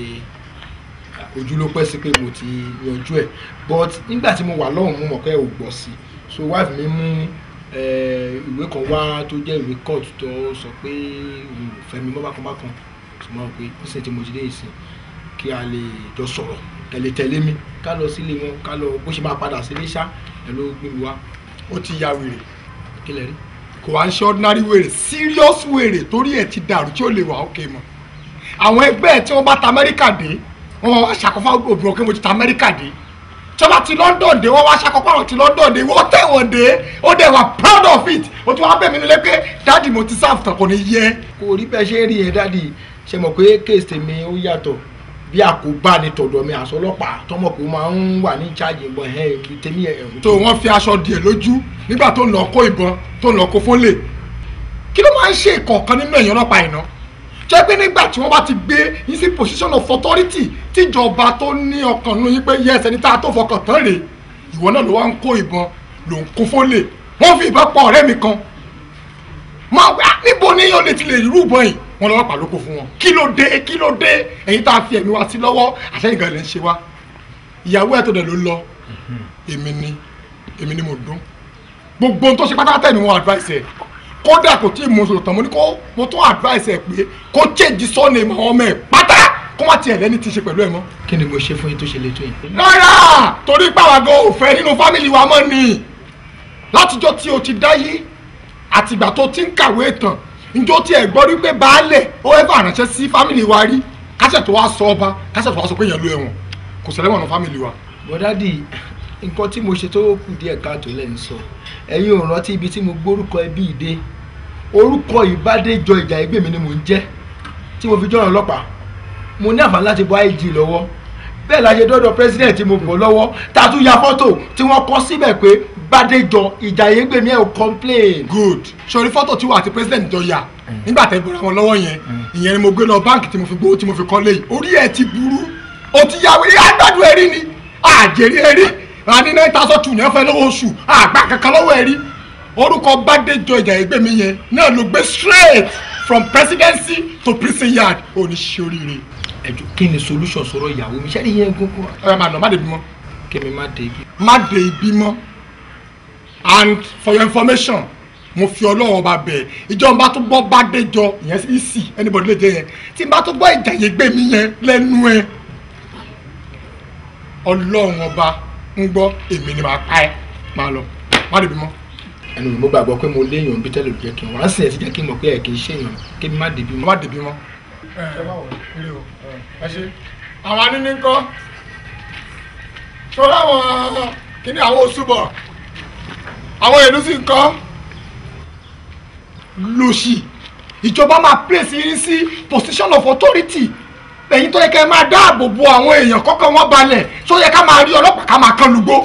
S1: ojú ló pẹ́ sí pé mo ti yanjú ẹ̀ but nígbà tí mo wà lọ́hùn mo mọ̀ pé ò gbọ́ sí i so wife mi mú ìwé kan wá tó jẹ́ ìwé court tó sọ pé òun ò fẹ́ mi mọ́ bákan bákan tí mo pé ó sì ti mo ti dé ìsìn kí a lè jọ sọ̀rọ̀ tẹ̀lé-tẹ̀lé mi ká lọ sílé wọn ká lọ bó ṣe máa padà sílé ṣá ẹ̀ ló gbé mi wá ó ti ya wèrè kí lẹ rí kò wá ń ṣe ordinary wèrè serious wèrè torí ẹ̀ ti dàrú tí ó lè wà ókè mọ́ àwọn ẹgbẹ́ ẹ̀ tí wọ́n bá ta Amẹ́ríkà dé wọ́n máa wá ṣàkófá obìnrin kí mo ti ta Amẹ́ríkà dé tọ́ba ti London dé wọ́n wá ṣàkófá àwọn ti London dé wọ́n tẹ̀wọ̀n dé ó dẹ̀ wà proud of it ó ti wá bẹ̀ mí nílé pé dáàdì mo ti sáàfù tàn kò ní yẹ. kò rí bẹ́ẹ̀ ṣe rí yẹn dáàdì ṣe mọ̀ pé kéèsì tèmi ó yàtọ̀ bí àkóbá ni tọ̀dọ̀ mi àṣọ ọlọ́pàá tọmọ kò máa ń wà ní ìjáde ìbọn ẹ̀ ibi tèmi ẹ̀ ẹ̀rù. tó wọ́n fi aṣọ díẹ̀ lójú nígbà tó ń lọ kó ìbọn tó ń lọ kó fólè kí ló máa ń ṣe ìkọ̀ọ̀kan nínú ẹ̀yìn ọlọ́pàá ìnáà jẹ́ pé nígbà tí wọ́n bá ti gbé yín sí position of authority tíjọba tó ní ọkàn nínú yín pé yes ẹni tá a tó fọkàn tán rèé ìwọ náà ló wá ń kó ìbọn ló ń kó fólè wọ́n fi ìbọn pa ọ̀rẹ́ mi kan máa wá níbo ni yóò lè ti lè rú ìbọn yìí wọ́n lọ́wọ́ pàlókò fún wọn kí ló dé kí ló dé ẹ̀yin tá a fi ẹ̀mí wa sí lọ́wọ́ àtẹ̀yìn gan lè ń ṣe wá ìyàwó ẹ̀ tó dẹ̀ ló lọ mm-hmm. èmi ni èmi ni mo dún gbogbo ohun tó ṣe pátá tẹ̀ ni wọ́n advice ẹ̀ kódà kò tí ì mú sòrò tán mo ní kó mo tún advice ẹ pé kó change surname àwọn ọmọ ẹ pátá kó má tiẹ̀ lẹ́ni tí ì ṣe pẹ̀lú ẹ mọ́. kí ni mo ṣe fún yín tó ṣe lè tó yìí. rárá torí pàwàgọ́ òfẹ́ nínú fámìlì wa mọ́ ni látijọ́ tí o ti dáyé àtìgbà tó ti ń kàwé tán njó tí ẹ gbọ́ rí pé baálẹ̀ ó ẹ bá sí fámìlì wa rí kásẹ̀ tó wá sọ ọba kásẹ̀ tó wá sọ pé yẹn ló ẹ̀wọ̀n kò ṣẹlẹ̀ wọ̀n nǹkan tí mo ṣe tó kù díẹ̀ káàtó lẹ́ sọ ẹ̀yin ò rántí ibi tí mo gbórúkọ ẹbí ìdè orúkọ ìbádéjọ ìjà ìgbé mi ni mò ń jẹ́ tí mo fi jọ́ràn ọlọ́pàá mo ní àǹfààní láti bọ́ ig lọ́wọ́ bẹ́ẹ̀ la ṣe dọ́dọ̀ president tí mo bọ̀ lọ́wọ́ tá a tún ya fọ́tò tí wọ́n kọ́ síbẹ̀ pé bádéjọ ìjà ìgbé mi ẹ̀ ò complain. good sori fọ́tò tí wà àti president jọ yà mm. nígbà tẹ́ bọ̀rọ̀ wọn lọ́wọ́ yẹn mm. ìyẹn ni mo gbé lọ báǹkì tí mo fi gbowó tí mo fi kọ́ lé orí ẹ̀ ti burú ó ti yàwé àgbàdo ẹ̀rí ni àjèrè ẹ̀rí àní nine thousand two yẹn fẹ́ lọ́wọ́ oṣù àgbà kankan lọ́wọ́ ẹ̀ rí orúkọ Bádéjọ ìjà ìgbé mi yẹn náà ló gbé straight from presidency to prison yard oníṣẹ́ oríire. ẹjọ kí ni solution sọ̀rọ̀ ìyàwó mi ṣẹlẹ yẹn gbogbo. ẹ máa nà má dé bímọ. kẹmi má dé ibi. má dé ibi mọ́ and for your information mo fi ọlọ́wọ́ bá bẹ̀ ìjọba tó gbọ́ Bádéjọ ìyẹn sí ìsì anybody lè jẹ yẹn tí n bá tó gbọ́ ìjà ìgbé mi yẹn lẹ́nu ẹ ọlọ́run ọba ń gbọ́ èmi ni màá pa ẹ́ máa lọ má dèbí mọ́. ẹnu mi mo gbàgbọ́ pé mo léèyàn bí tẹ́lẹ̀ jẹ́ kí n wá sí ẹ̀ sí jẹ́ kí n mọ̀ pé ẹ̀ kì í ṣèyàn kí mi má dèbí mọ́. má dèbí mọ́. ẹ ẹ wá wọ̀ ẹ o ẹ ṣe àwọn anínní ń kọ́ sọ láwọn kíní àwọn oṣùbọ̀ àwọn ìlú sì ń kọ́ lòṣì ìjọba máa place yín sí position of authority ẹ̀yin tó yẹ kẹ́ ẹ máa dáàbò bo àwọn èèyàn kọ́kọ́ wọn balẹ̀ tó yẹ ká máa rí ọlọ́pàá ká máa kán lugbó.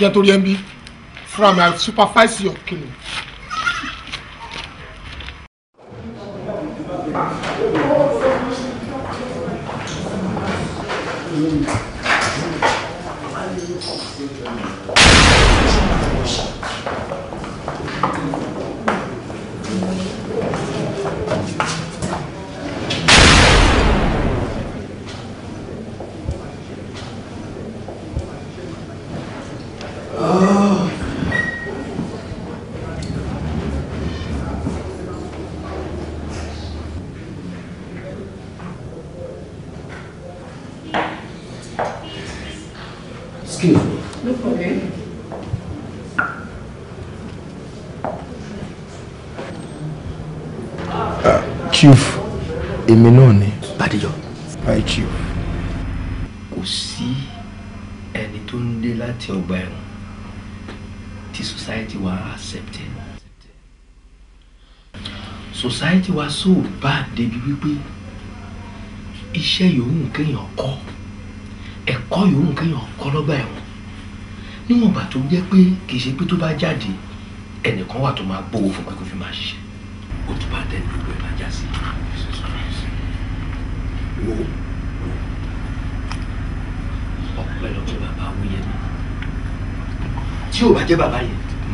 S1: yẹn torí ẹ ń bí fúnra mi i supervise your Thank you. chief èmi náà ni. Bàdéjọ. Bye chief. Kò sí ẹni tó ń dé láti ọgbà ẹ̀wọ̀n tí society wa accepted. Society wa so bad débi wípé iṣẹ́ yòówù kéèyàn kọ́ ẹ̀kọ́ yòówù kéèyàn kọ́ lọ́gbà ẹ̀wọ̀n níwọ̀nba tó jẹ́ pé kì í ṣe pé tó bá jáde ẹnìkan wà tó máa gbowó fún pé kó fi máa ṣiṣẹ́ ó ti bá tẹ̀ lóko ẹ̀ lájà sí wo ọ̀pẹ̀lọpẹ̀ bàbá Awóyẹmí tí ò bá jẹ́ bàbá yẹn nǹkan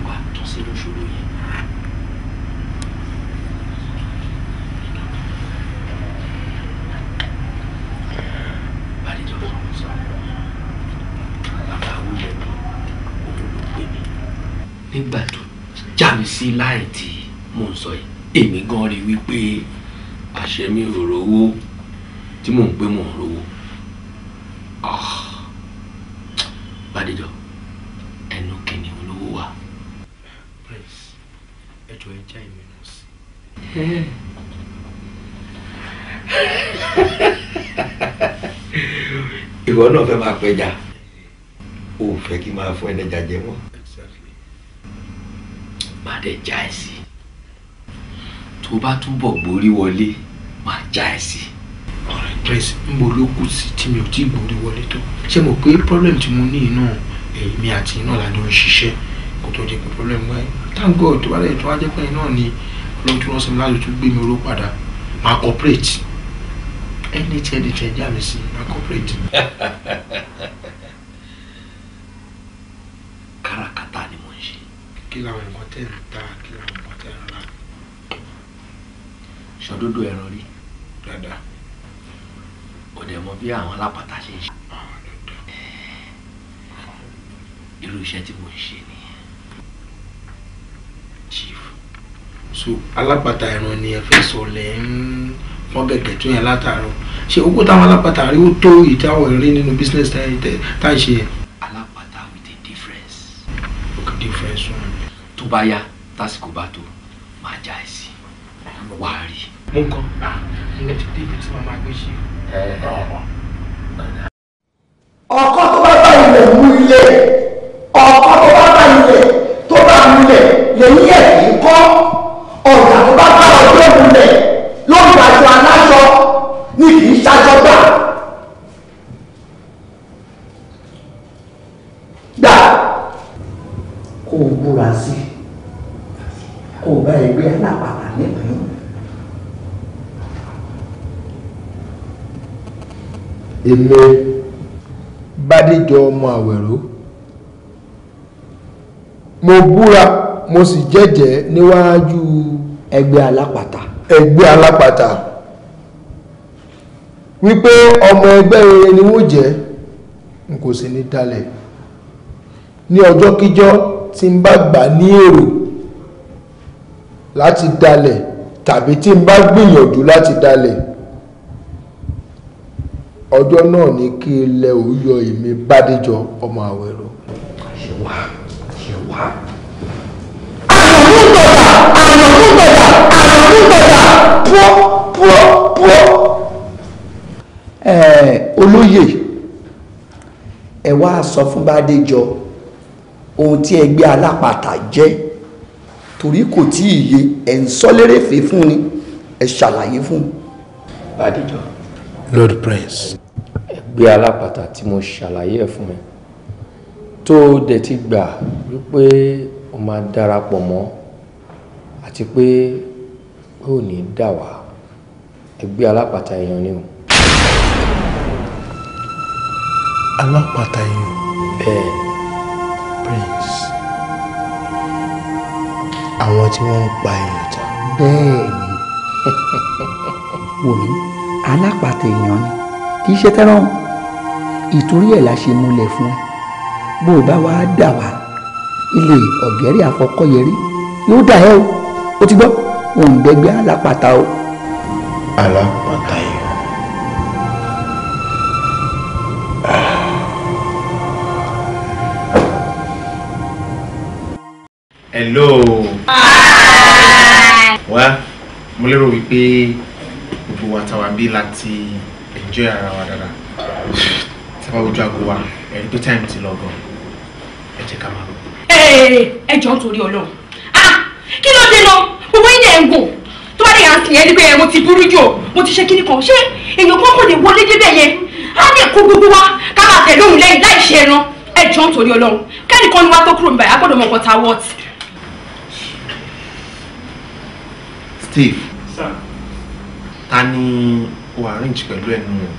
S1: nígbà tó já sí láì tí mò ń sọ yìí èmi gan rí wípé àṣẹ mi ò rówó tí mò ń pé mò ń rówó ah, Bádéjọ ẹnu kìíní olówó wa. Prince ẹjọ ẹ já èmi nù sí. ìwọ náà fẹ́ máa pẹja ò fẹ́ kí máa fún ẹlẹ́jà jẹ wọ́n. Bàdé já tó bá túbọ̀ gborí wọlé máa já ẹ sí. ọ̀rẹ́ pẹ́sì níbo ló kù sí tí mi ò tí ì gborí wọlé tó ṣé mo pé problem tí mo ní iná èmi àti iná làjọ ń ṣiṣẹ́ kó tó di pé problem wáyé thank god tó bá lẹ́yìn tó wá jẹ́ pé iná ni ọlọ́run tó ránṣẹ́ mi láti tún gbé mi oró padà máa cooperate ẹni tí ẹni tí ẹ já mi máa cooperate. káràkátà ni mo ń ṣe. kí làwọn nǹkan tẹ̀ ń ta kí làwọn ṣòdodo ẹran rí. dáadáa. ò dẹ̀ mọ bí àwọn alápàtà ṣe ń ṣe. irú iṣẹ́ tí mo ń ṣe ni chief. so alápàtà ẹran ni ẹ fẹ́ sọ lẹ́ ń wọ́n gẹ̀gẹ̀ tó yẹn látàárọ̀ ṣe owó táwọn alápàtà rí ó tó ìdáwọ̀ rí nínú business tá à ń ṣe yẹn. alápàtà with a difference. okay difference one. tó bá yá tásìkò bá tó máa já ẹ sí wàá rí i mú nǹkan ìyẹn ti débi tí màmá gbé ṣe. ọkọ
S4: tó bá bá ilẹ̀ mú ilé ọkọ tó bá bá ilẹ̀ tó bá mú ilẹ̀ lèyí ẹ̀ kì í kọ́ ọ̀gá tó bá
S1: o búra sí i bá ẹgbẹ́ alápàtà nípìnlẹ̀. èmi Bádéjọ ọmọ Àwẹ̀ró mo búra mo sì jẹ́jẹ́ níwájú ẹgbẹ́ alápàtà. ẹgbẹ́ alápàtà wípé ọmọ ẹgbẹ́ rere ni wọ́n jẹ́ n kò sì ní dalẹ̀ ní ọjọ́ kíjọ́ tí n bá gbà ní èrò láti dalẹ̀ tàbí tí n bá gbìyànjú láti dalẹ̀ ọjọ́ náà ni kí ilẹ̀ òyọ èmi bádéjọ ọmọ àwẹ̀rọ. àṣewà àṣewà. àrùn gbọ̀dà
S2: àrùn gbọ̀dà àrùn gbọ̀dà pọ́ pọ́ pọ́.
S1: olóyè ẹ wá sọ fún bádéjọ ohun tí ẹgbẹ́ alápàtà jẹ́ torí kò tí ì yé ẹ̀ ń sọ lérèfé fún ni ẹ ṣàlàyé fún un. bádéjọ. Lord Prince. ẹgbẹ́ alápàtà tí mo ṣàlàyé ẹ̀ fún ẹ tó dẹ̀ ti gbà wípé o máa darapọ̀ mọ́ àti pé o ò ní dà wá ẹgbẹ́ alápàtà èèyàn ni o. alápàtà èèyàn. bẹ́ẹ̀. Prince àwọn tí wọ́n ń pa èèyàn ta. bẹ́ẹ̀ ni wò alápàtà èèyàn ni kì í ṣe tẹ́ràn ìtorí ẹ̀ la ṣe múlẹ̀ fún ẹ bó o bá wá dà wá ilé ọ̀gẹ́rẹ́ àfọkọ́yẹrí yóò dà ẹ́ o ó ti gbọ́ òǹdẹ́gbẹ́ alápàtà o. alápàtà yìí. Ah. hello. Ah. wá mo lérò wípé gbogbo wa tàwa bí láti enjoy ara wa dáadáa sábà ojú àgọ wa ẹni pé time ti lọ gan ẹ jẹ́ ká máa
S4: lọ. ẹ jọ ń torí Ọlọ́run ah, kí ló dé lọ gbogbo yín dẹ̀ ń gùn tó bá dé yàn sìn ẹ́ nígbà yẹn mo ti burú jù mo ti ṣe kíní kan ṣé èèyàn kan kò lè wọlé débẹ̀ yẹn á lè kó gbogbo wa ká máa tẹ̀lé òun lẹ́yìn láì ṣe ẹran ẹ jọ ń torí Ọlọ́run kẹ́nìkan ni wá tó kúrò níbàyà gbọ́dọ̀ mọ̀ nǹkan ta wọ́ọ̀tì. Steve. Sir
S1: ta ni o arrange pẹ̀lú ẹnu rẹ̀.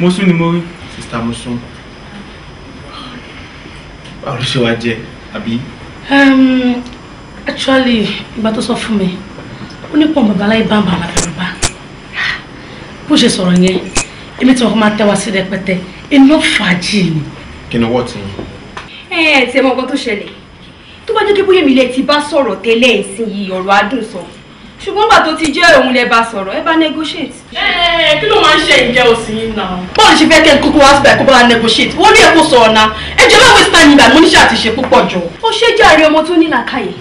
S1: Mosun ni mo rí. sista Mosun báwo ló ṣe jẹ àbí.
S3: actually ìgbà tó sọ fún mi ó ní pọ̀ bàbá láì bàbà làbẹ̀rùbá bó ṣe sọ̀rọ̀ yẹn èmi tí wọn kò máa tẹ́ wa sí rẹpẹtẹ iná fàájì ni.
S1: kí ni wọ́n ti ń.
S4: ẹ ẹ tí ẹ mọ nǹkan tó ṣẹlẹ̀ tó bá jẹ́ kí bóyá mi lè ti bá sọ̀rọ̀ tẹ́lẹ̀ ìsinyìí ọ̀rọ̀ adùn sọ ṣùgbọ́n gbà tó ti jẹ́ òun lẹ bá sọ̀rọ̀ ẹ bá negotiate. ẹ kí ló máa ń ṣe ìjẹ òsì yìí náà. bọ́ọ̀lù ṣe fẹ́ kẹ́ kókó wá síbẹ̀ kó bá negotiate wọ́n ní èkó sọ̀rọ̀ náà ẹ jẹ́ báwo ṣe tàn yín báyìí mo níṣẹ́ àti ṣe púpọ̀ jọ. ó ṣe jàre ọmọ tó ní làákàyè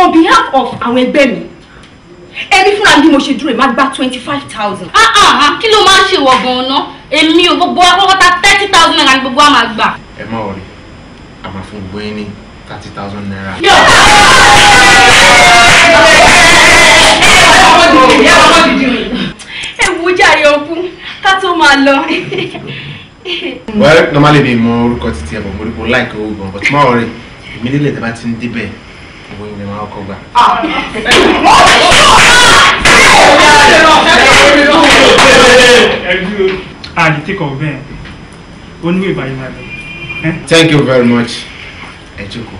S4: on behalf of àwọn ẹgbẹ́ mi ẹbí fúnra bí mo ṣe dúró máa gba twenty five thousand. Ah, ah, ah. kí ló máa ń ṣe ìwọ gan-an ná èmi ò gbogbo apákọ́ta thirty thousand naira ni gbogbo wa máa gbà.
S1: ẹ má thirty thousand naira
S4: gbọ́ ìyá wa má bìí rìn. ẹ wo jàre ọkú ká tó máa lọ. well
S1: normally mi mọ orúkọ títí ẹ bọ mo rí mo láìka owó gan but máa rẹ èmi nílẹ̀ tí a bá ti ń débẹ̀ owó ilẹ̀ máa kọ́ gbà.
S3: àdì tí kò bẹ́ẹ̀ ó ní ìbàyìí máa bẹ̀.
S1: thank you very much ẹ jókòó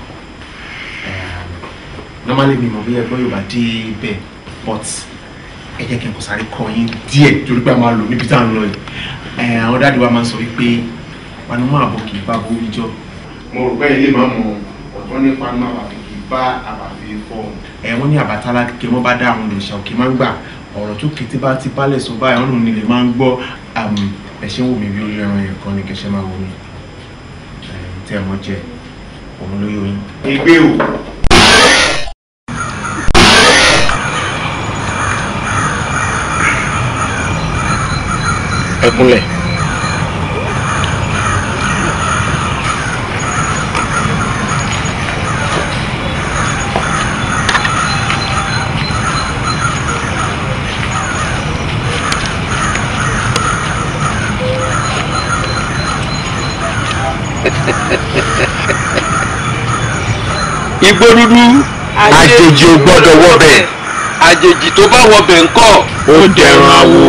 S1: normally mi mọ̀ bí ẹgbẹ́ Yorùbá dé bẹ́ẹ̀ but ẹ jẹ́ kí n kò sáré kọ yín díẹ̀ torí pé a máa lò níbi tá à ń lọ yìí àwọn dáàdi wa máa sọ wípé panumọ àbọ kì í bá gbórí jọ. mo rò pé ilé máa mọ ọ̀tọ̀ ní panumọ àbàfi kì í bá àbàfi fọ. ẹ wọ́n ní àbátálá kí wọ́n bá dá àwọn olùṣà òkè máa ń gbà ọ̀rọ̀ tó kété bá ti bálẹ̀ sọ báyìí ọ̀run nílẹ̀ máa ń gbọ́ ẹ ṣe ń wò mí bí orí ẹran yẹn kan ni kẹṣẹ máa wò mí tẹ́ ẹ mọ́ jẹ òun ló yọ yín. ìgbé o ẹkúnlẹ̀.
S2: igbó dúdú àjèjì
S1: ò gbọ́dọ̀ wọbẹ̀ àjèjì tó bá wọbẹ̀ ńkọ́ ó dẹ̀rùn awo.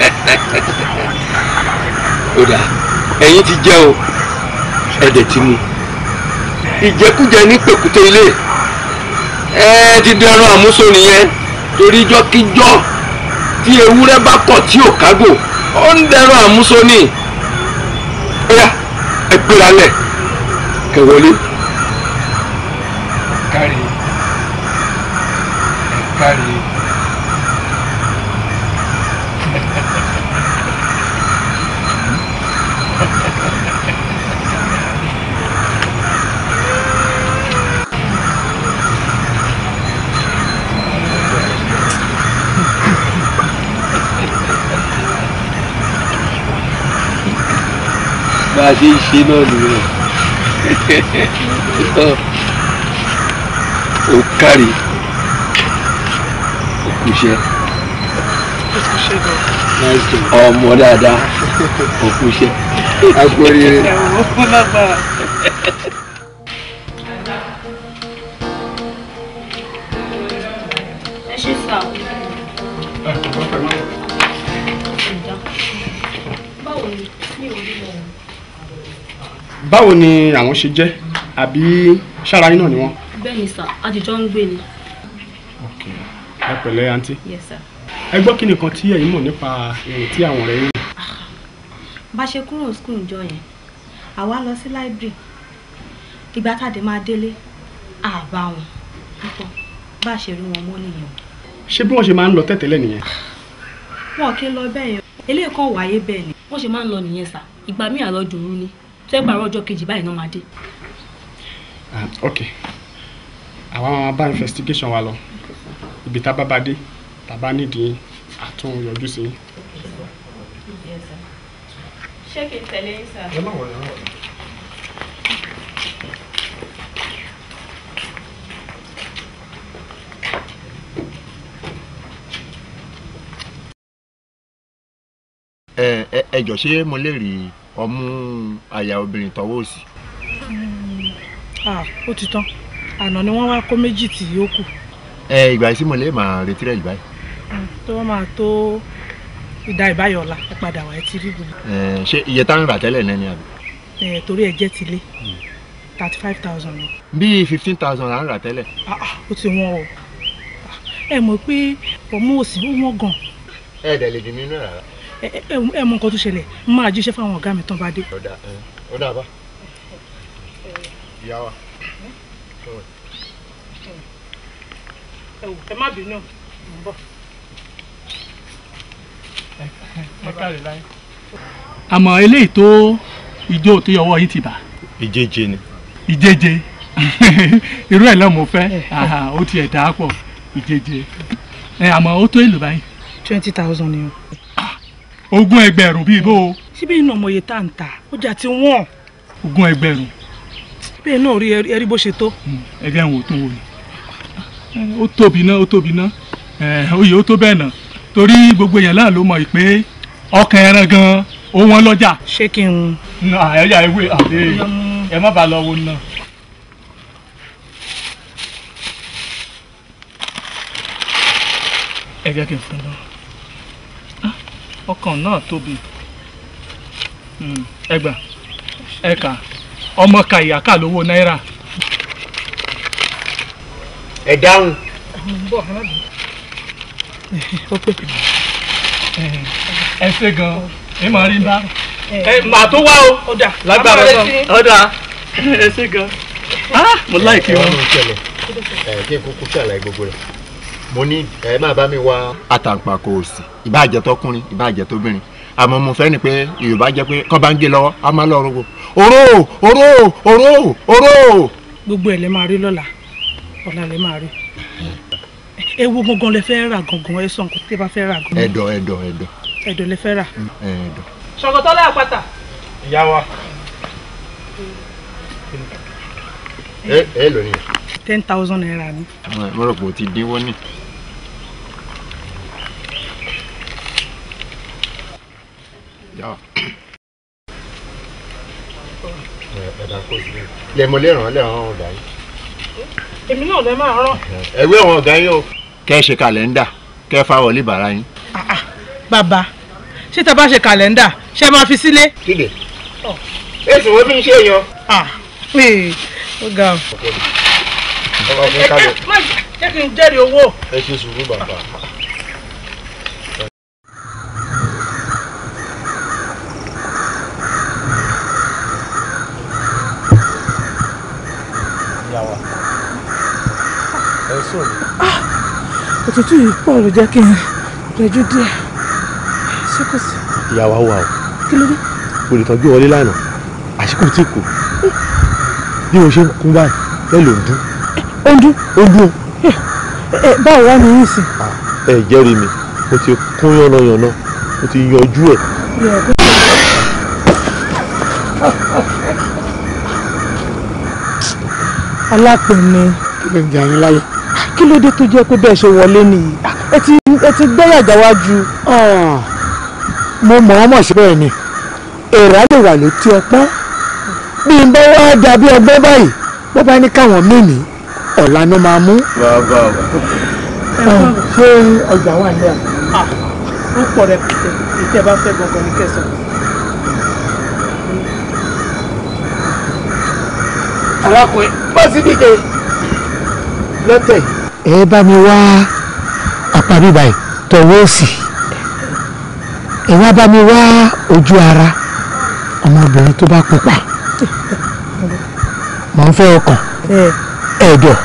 S1: kódà ẹ̀yin ti jẹ́ o ẹ̀dẹ̀ ti mu ìjẹkújẹ ní pèkúté ilé ẹ ti dẹrùn àmúso nìyẹn torí jọkíjọ tí ewúrẹ́ bá kọ̀ tí ò kágò ó ń dẹrùn àmúso ní ẹ̀yà ẹ gbéra e lẹ̀ kẹ́ wọlé. kárí. bá a ṣe ń ṣe náà nìyẹn ó kárí òkúṣẹ́ ọmọ dáadáa òkúṣẹ́
S2: agbóríire. ẹ ṣe sá o.
S1: báwo ni mi ò rí lọ́wọ́ báwo ni àwọn ṣe jẹ́ àbí ṣára yín náà ni wọ́n.
S4: bẹ́ẹ̀ni sà àjùjọ ń gbé ni.
S1: ok ẹ pẹ̀lẹ́ àǹtí. yes sir. ẹ gbọ́ kí nìkan tí ẹ̀yin mọ̀ nípa èrè tí àwọn ọ̀rẹ́ yín. Ah,
S4: bá a ṣe kúrò ní skul ìjọ yẹn àwa lọ sí láìbírì ìgbà tàdé máa délé àbá wọn púpọ̀ bá a ṣe rí wọn mọ́ nìyẹn.
S1: ṣé bí wọ́n ṣe máa ń lọ tẹ̀tẹ̀lẹ̀ nìyẹn.
S4: wọn kì í lọ bẹ́ẹ̀ yẹn eléyìí kan wáyé bẹ́ẹ̀ ni wọ́n ṣe máa ń lọ nìyẹn sà ìgbà míì àlọ́ dùnrún ni tó ẹ pààrọ̀ ọjọ́ kejì báyìí náà máa dé.
S1: Ah, ok àwa máa bá investigation wa lọ ibi tá a bá bá dé tàbá nídìí àtún yọjú sí. ṣé ẹ ẹ jọ ṣé mo lè rí i ọmú àyà obìnrin tọwọ́ òsì.
S3: Hmm. Ah, ó ti tán àná ni wọ́n wá kó méjì tí yóò kù.
S1: ẹ ìgbà yìí sí mo lè máa retí rẹ̀ ìgbà yìí.
S3: Hmm, tó wọ́n máa tó ìdá ìbáyọ̀ ọ̀la ẹ padà wà ẹ ti rí gbogbo.
S1: ṣé iye táwọn ìrà tẹ́lẹ̀ náà ni
S3: àbí. torí ẹ jẹ́ ti lé hmm. thirty five thousand lọ.
S1: bíi fifteen thousand là ń rà tẹ́lẹ̀. Ah,
S3: ah, ó ti wọ́n o ẹ mọ̀ pé ọmú òsì ó wọ́n gan.
S1: ẹ dẹ̀ lè dín nínú ẹ̀ rárá
S3: ẹ mọ nǹkan tó ṣẹlẹ̀ máa jíṣẹ́ fáwọn ọ̀gá mi tán bá dé. ọ̀dà
S2: ọ̀dà bá ìyá wa.
S3: ẹ wò ẹ má bínú mò ń bọ̀.
S2: ẹ káre láyé.
S1: àmọ́ eléyìí tó ìjó tó yọwọ́ yín ti bà. ìjẹjẹ ni. ìjẹjẹ irú ẹ̀ lọ́mọ fẹ́ ó tiẹ̀ dáa
S3: pọ̀ ìjẹjẹ àmọ́ ó tó èlò báyìí. twenty thousand ni o ogún ẹgbẹ̀rún bíi bó. síbẹ̀ iná mòye tá à ń tà ọjà ti wọ́n. ogún ẹgbẹ̀rún. síbẹ̀ iná rí ẹrí bó ṣe tó. ẹgbẹ́ wo tó wò ni ó tóbi ná ó tóbi ná oyè ó tó bẹ́ẹ̀ ná torí gbogbo èèyàn náà ló mọ̀ pé ọkàn ẹran gan ó wọ́n lọ́jà. ṣé kí n. ẹ̀yà ewé ẹ má bàa lọ wo náà. ẹ jẹ́ kí n fún un náà ọkàn náà tóbi hmm, ẹgbà ẹ̀ka ọmọ ka ìyàká lówó náírà. ẹ dáhùn. ẹ ṣe gan ẹ máa rí bá ẹ máa tó wá o lágbára náà ọ̀dà ẹ ṣe gan
S1: ah, mo láìpẹ́ wọn. ẹ jẹ́ kókó ṣàlàyé gbogbo rẹ̀ mo ní ẹ máa bá mi wá. àtàǹpàkò òsì ìbàjẹ́ tọkùnrin ìbàjẹ́ tóbìnrin àmọ́ mo fẹ́ ni pé yorùbá jẹ́ pé kọ́ bá ń gé lọ́wọ́ a máa lọ rogo oró oró oró oró.
S3: gbogbo ẹ̀ lẹ máa rí lọ́la ọ̀la lẹ máa rí ẹ wo gangan lẹ fẹ́ rà gangan ẹ sọ nǹkan tí ẹ bá fẹ́ rà gangan. ẹ̀dọ̀ ẹ̀dọ̀ ẹ̀dọ̀. ẹ̀dọ̀ lẹ fẹ́ rà. ẹ̀dọ̀. ṣọ̀gọ̀tọ́lá àpáta. ìyá wa. ẹ ẹ lónìí. ten thousand naira ni. mo rò pé
S1: o ti dínwó ní. ọ̀dà kò sí i lẹ́mọ lẹ́ràn lẹ́ràn ọ̀dà yìí.
S3: èmi náà lè máa rán.
S1: ẹ̀wé àwọn ọ̀gá yín o. kẹ́ ẹ ṣe kàlẹ́ńdà kẹ́ ẹ fáwọ̀ lè bàrà yín. Ah,
S3: ah, bàbá ṣé tá a bá ṣe kàlẹ́ńdà
S1: ṣé ẹ máa fi sílé. kílè
S3: èsì wo bí n ṣe yan. Ah, ó ga ọ. ọkọ jẹ́ kí n jẹ́rìí owó.
S1: ẹ ṣe sùúrù bàbá.
S2: ìyàwó ẹ sọ̀rọ̀.
S3: Ah, òtútù yìí pọ̀ ló jẹ́ kí n rẹjú díẹ̀ ṣé kò sí. ìyàwó o kí ló dé.
S1: olùtàn gbé wọlé lánàá àṣìkò tí kò
S3: bí mo ṣe ń kún báyìí bẹ́ẹ̀ ló ń dún. ó ń dún. ó ń dún. Eh, eh, báwo wá ní yìí sí. ẹ jẹ́rìí mi mo ti kún yánnayànna mo ti yanjú ẹ̀. yẹ alápẹ̀mí. kí ló ń jẹ àyín láyé. kí ló dé tó jẹ́ pé bẹ́ẹ̀ ṣe wọlé nìyí ẹ ti ẹ ti gbẹ́yàjà wájú. Ah, mo mọ̀ ọ́n mọ̀ sí bẹ́ẹ̀ ni èrà lè wà létí ọpọ́n bí n bá wá dàbí ọgbẹ́ báyìí bó bá ní káwọn mímì ọ̀la ni máa mú. bàbá o. Ah, ṣé ọjà wà ní à. Ah, ó pọ̀ rẹ̀ ìtẹ́ bá fẹ́ gbọ̀ngàn ní kẹsàn-án. arákùnrin bá sí díje lọ́tẹ̀. ẹ bá mi wá àpárí báyìí tọwọ́ òsì ẹ wá bá mi wá ojú ara ọmọbìnrin tó bá pupa mọ̀ ń fẹ́ ọkàn ẹ̀dọ̀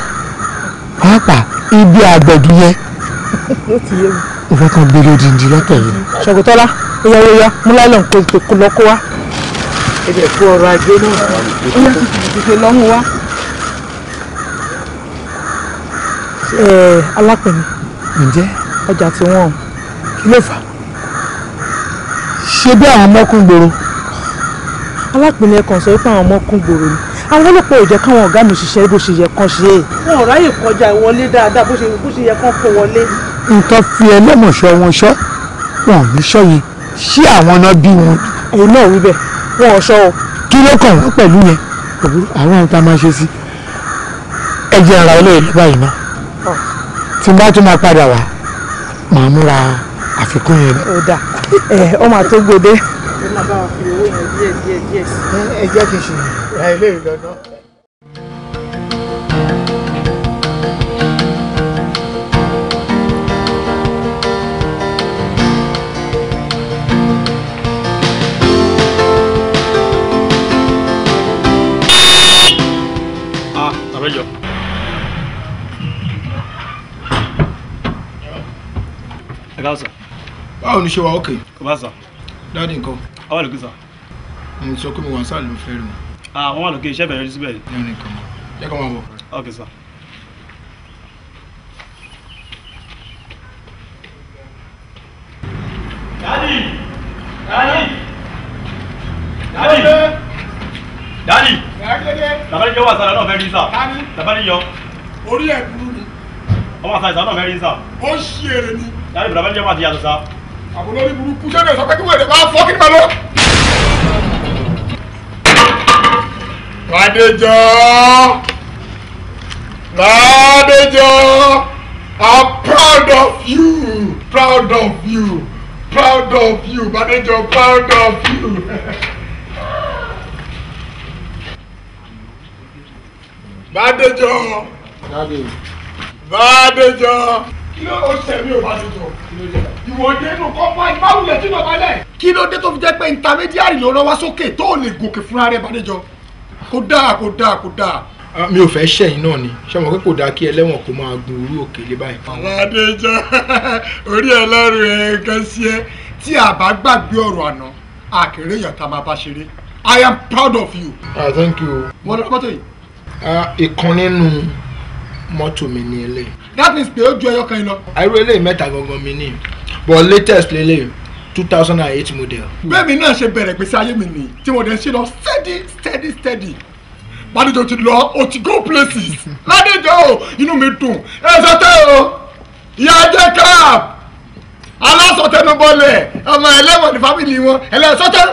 S3: pàápàá ibi àgbẹ̀dù yẹn ìfẹ́ kan gbélé odindi lọ́tọ̀ yìí. ṣògùtọ́lá ìyàwó ya múlá lọ́n kó lọ́kọ́ wá ẹ̀jẹ̀ fún ọrọ̀ ajé náà ó yẹ kìkì kìkì lọ́rùn wá. alápẹ̀ni ǹjẹ́ ọjà tí wọ́n kí ló fà á ṣe bí àwọn mọ́kún gbòòrò. alápẹ̀ni ẹ̀kan sọ pé àwọn mọ́kún gbòòrò ni àwọn ọlọ́pàá ò jẹ́ káwọn ọ̀gá mi ṣiṣẹ́ bó ṣe yẹ kán ṣe. wọn ò ráyè kọjá ìwọlé dáadáa bó ṣe bó ṣe yẹ kán kó wọlé. nǹkan fi ẹlẹ́mọ̀ṣọ́ wọn ṣọ́ wọn ò ní ṣọ́ yẹn ṣé àwọn náà bí wọn. òun náà wí bẹ́ẹ̀ wọn ò sọ o. kí ló kàn wá pẹ̀lú yẹn àwọn ohun tá a máa ṣe sí ẹ jẹ́ ara olóyè ní báyìí ná tí n bá tún máa padà wá màá múra àfikún yẹn. ó dà ẹ ọ máa tó gbòde. ẹ jẹ́ kí n ṣe ẹ ilé ìlọ́nà.
S1: báwo ni ṣe wà ókè. kò sà. dáàdi nǹkan. ọwọ́ lókè sà. mo sọ pé mo wà sáà ló fẹ́ àwọn wà iṣẹ́ bẹ̀rẹ̀ síbẹ̀. dáàdi nǹkan mọ̀ jẹ́ kó máa bọ̀. ókè sà. dáàdi dáàdi dáàdi dáàdi tàbí yọ wà sára náà fẹ́ rí sà tàbí yọ. orí ẹ̀ burú ni. ọmọ àṣà ìsà náà fẹ́ rí sà. ó ṣe èrè ni. dáàdi bùrọ̀dá bẹ́ẹ̀ jẹ́ wà ti yàtọ̀ sá àwọn olórí burúkú sẹ́mi sọ pé kí wọ́n lè máa fọ́ kí ni lọ. ládéjọ́ ládéjọ́ I'm proud of you proud of you proud of you ládéjọ́ proud of you. ládéjọ́. ládéjọ́ kí ló ó tẹ̀ mí ò bá tuntun ìwọ dé inú kọ́pá ìbáwulẹ̀ tí lọ́ba kí ló dé tó fi jẹ́ pé intermediary ló rán sókè tó lè gòkè fúnra rẹ̀ Bádéjọ kó dáa kó dáa kó dáa. Ah, mi ò fẹ́ ṣẹ̀yìn náà ni ṣé mo pé kò dáa kí ẹlẹ́wọ̀n kó máa gun orí òkèlè báyìí. Bádéjọ orí ẹlọ́run ẹ̀ kan sí ẹ tí a bá gbàgbé ọ̀rọ̀ àná àkèrè yàn tá a máa bá ṣeré I am proud of you. ah thank you. wọ́n lọ́kọ́ that means pé ó ju ẹyọ kan lọ. àìrò eléyìí mẹ́ta gangan mi ni but latest lélẹ̀ two thousand and eight model. bẹ́ẹ̀ni náà ṣe bẹ̀rẹ̀ gbèsè ayé mi nìyí tí mo dẹ̀ ṣe lọ steady steady steady bàdéjọ ti lọ o ti go places ládéjọ inú mi dùn ẹ sọ tẹ o ìyá jẹ káàb alásọtẹnubọlẹ ọmọ ẹlẹwọn ní fámìlì wọn ẹlẹsọtẹ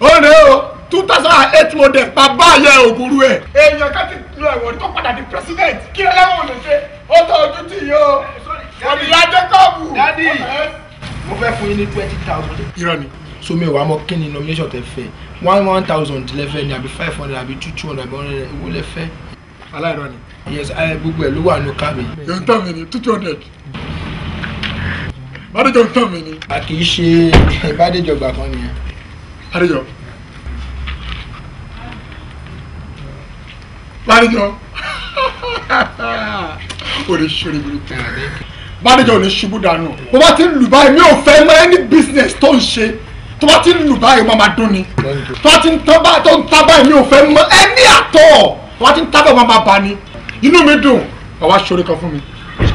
S1: ó o two thousand and eight model bàbá ayé ògùrú ẹ̀. èèyàn ká ti lọ ẹ̀wọ̀n tó padà di president kí ẹlẹ́wọ̀n lè ṣe ó tọ ojú tì yìí o ọ̀nìyàn jacobu. dadi mo fẹ́ fún yín ní twenty thousand. irọ́ ni sómi ìwà mọ́ kí ni nomination tẹ fẹ́ one one thousand lẹ́fẹ́ ni àbí five hundred àbí two two hundred àbí one hundred owó lẹ́fẹ́. aláìrọ ni. yes ayé gbogbo ẹ ló wà ní kábì. yóò tán mi ni two hundred. bàdéjọ tán mi ni. a kì í ṣe ìbádéjọ gbà kan nìyẹn. bàdéjọ Bádéjọ o lè ṣeré burúkú Bádéjọ o lè ṣubú dànù bó bá ti ń lù báyìí mi ò fẹ́ mọ any business tó ń ṣe tó bá ti ń lù báyìí máa máa dún ni tó bá ti ń tán báyìí tó ń tán báyìí mi ò fẹ́ mọ ẹni àtọ̀ tó bá ti ń tán báyìí máa máa bà ni inú mi dùn bàbá ṣorí kan fún mi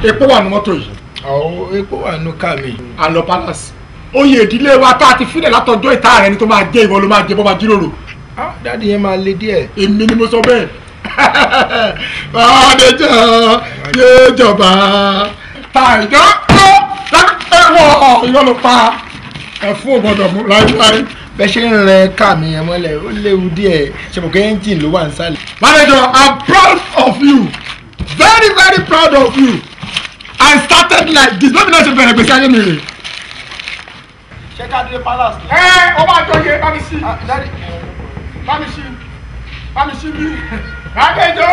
S1: epo wà ní mọ́tò yìí. àwọn epo wà nínú ká mi. àlọ palace oyè ìdílé wa tá a ti fílẹ̀ látọjọ́ ìta rẹ ni tó máa jẹ́ ìwọ ló máa jẹ́ bó máa jíròrò. Ah, dáàdi yẹn máa le díẹ̀. èmi ni mo sọ bẹ́ẹ̀ Bàdéjọ́ yóò jọba. Tàìjọ́ ló dákẹ́wọ̀ ọ̀yọ́ ló pa ẹ̀fún ògbọ́dọ̀ mú láéláé. Bẹ́ẹ̀ ṣe ń rẹ ká mi yẹn mọ́lẹ̀, ó léwu díẹ̀, ṣe mọ̀ pé ẹ́ńjìn ló wà ń I'm proud of you, very very proud of you. I started like this, lóbi náà ṣe bẹ̀rẹ̀ gbèsè ayé mi rè. Ṣé ká dé palace? Ẹ ọ bá jọ yẹ bá mi sí. Ah, bá mi sí, bá mi sí bí. Bádéjọ́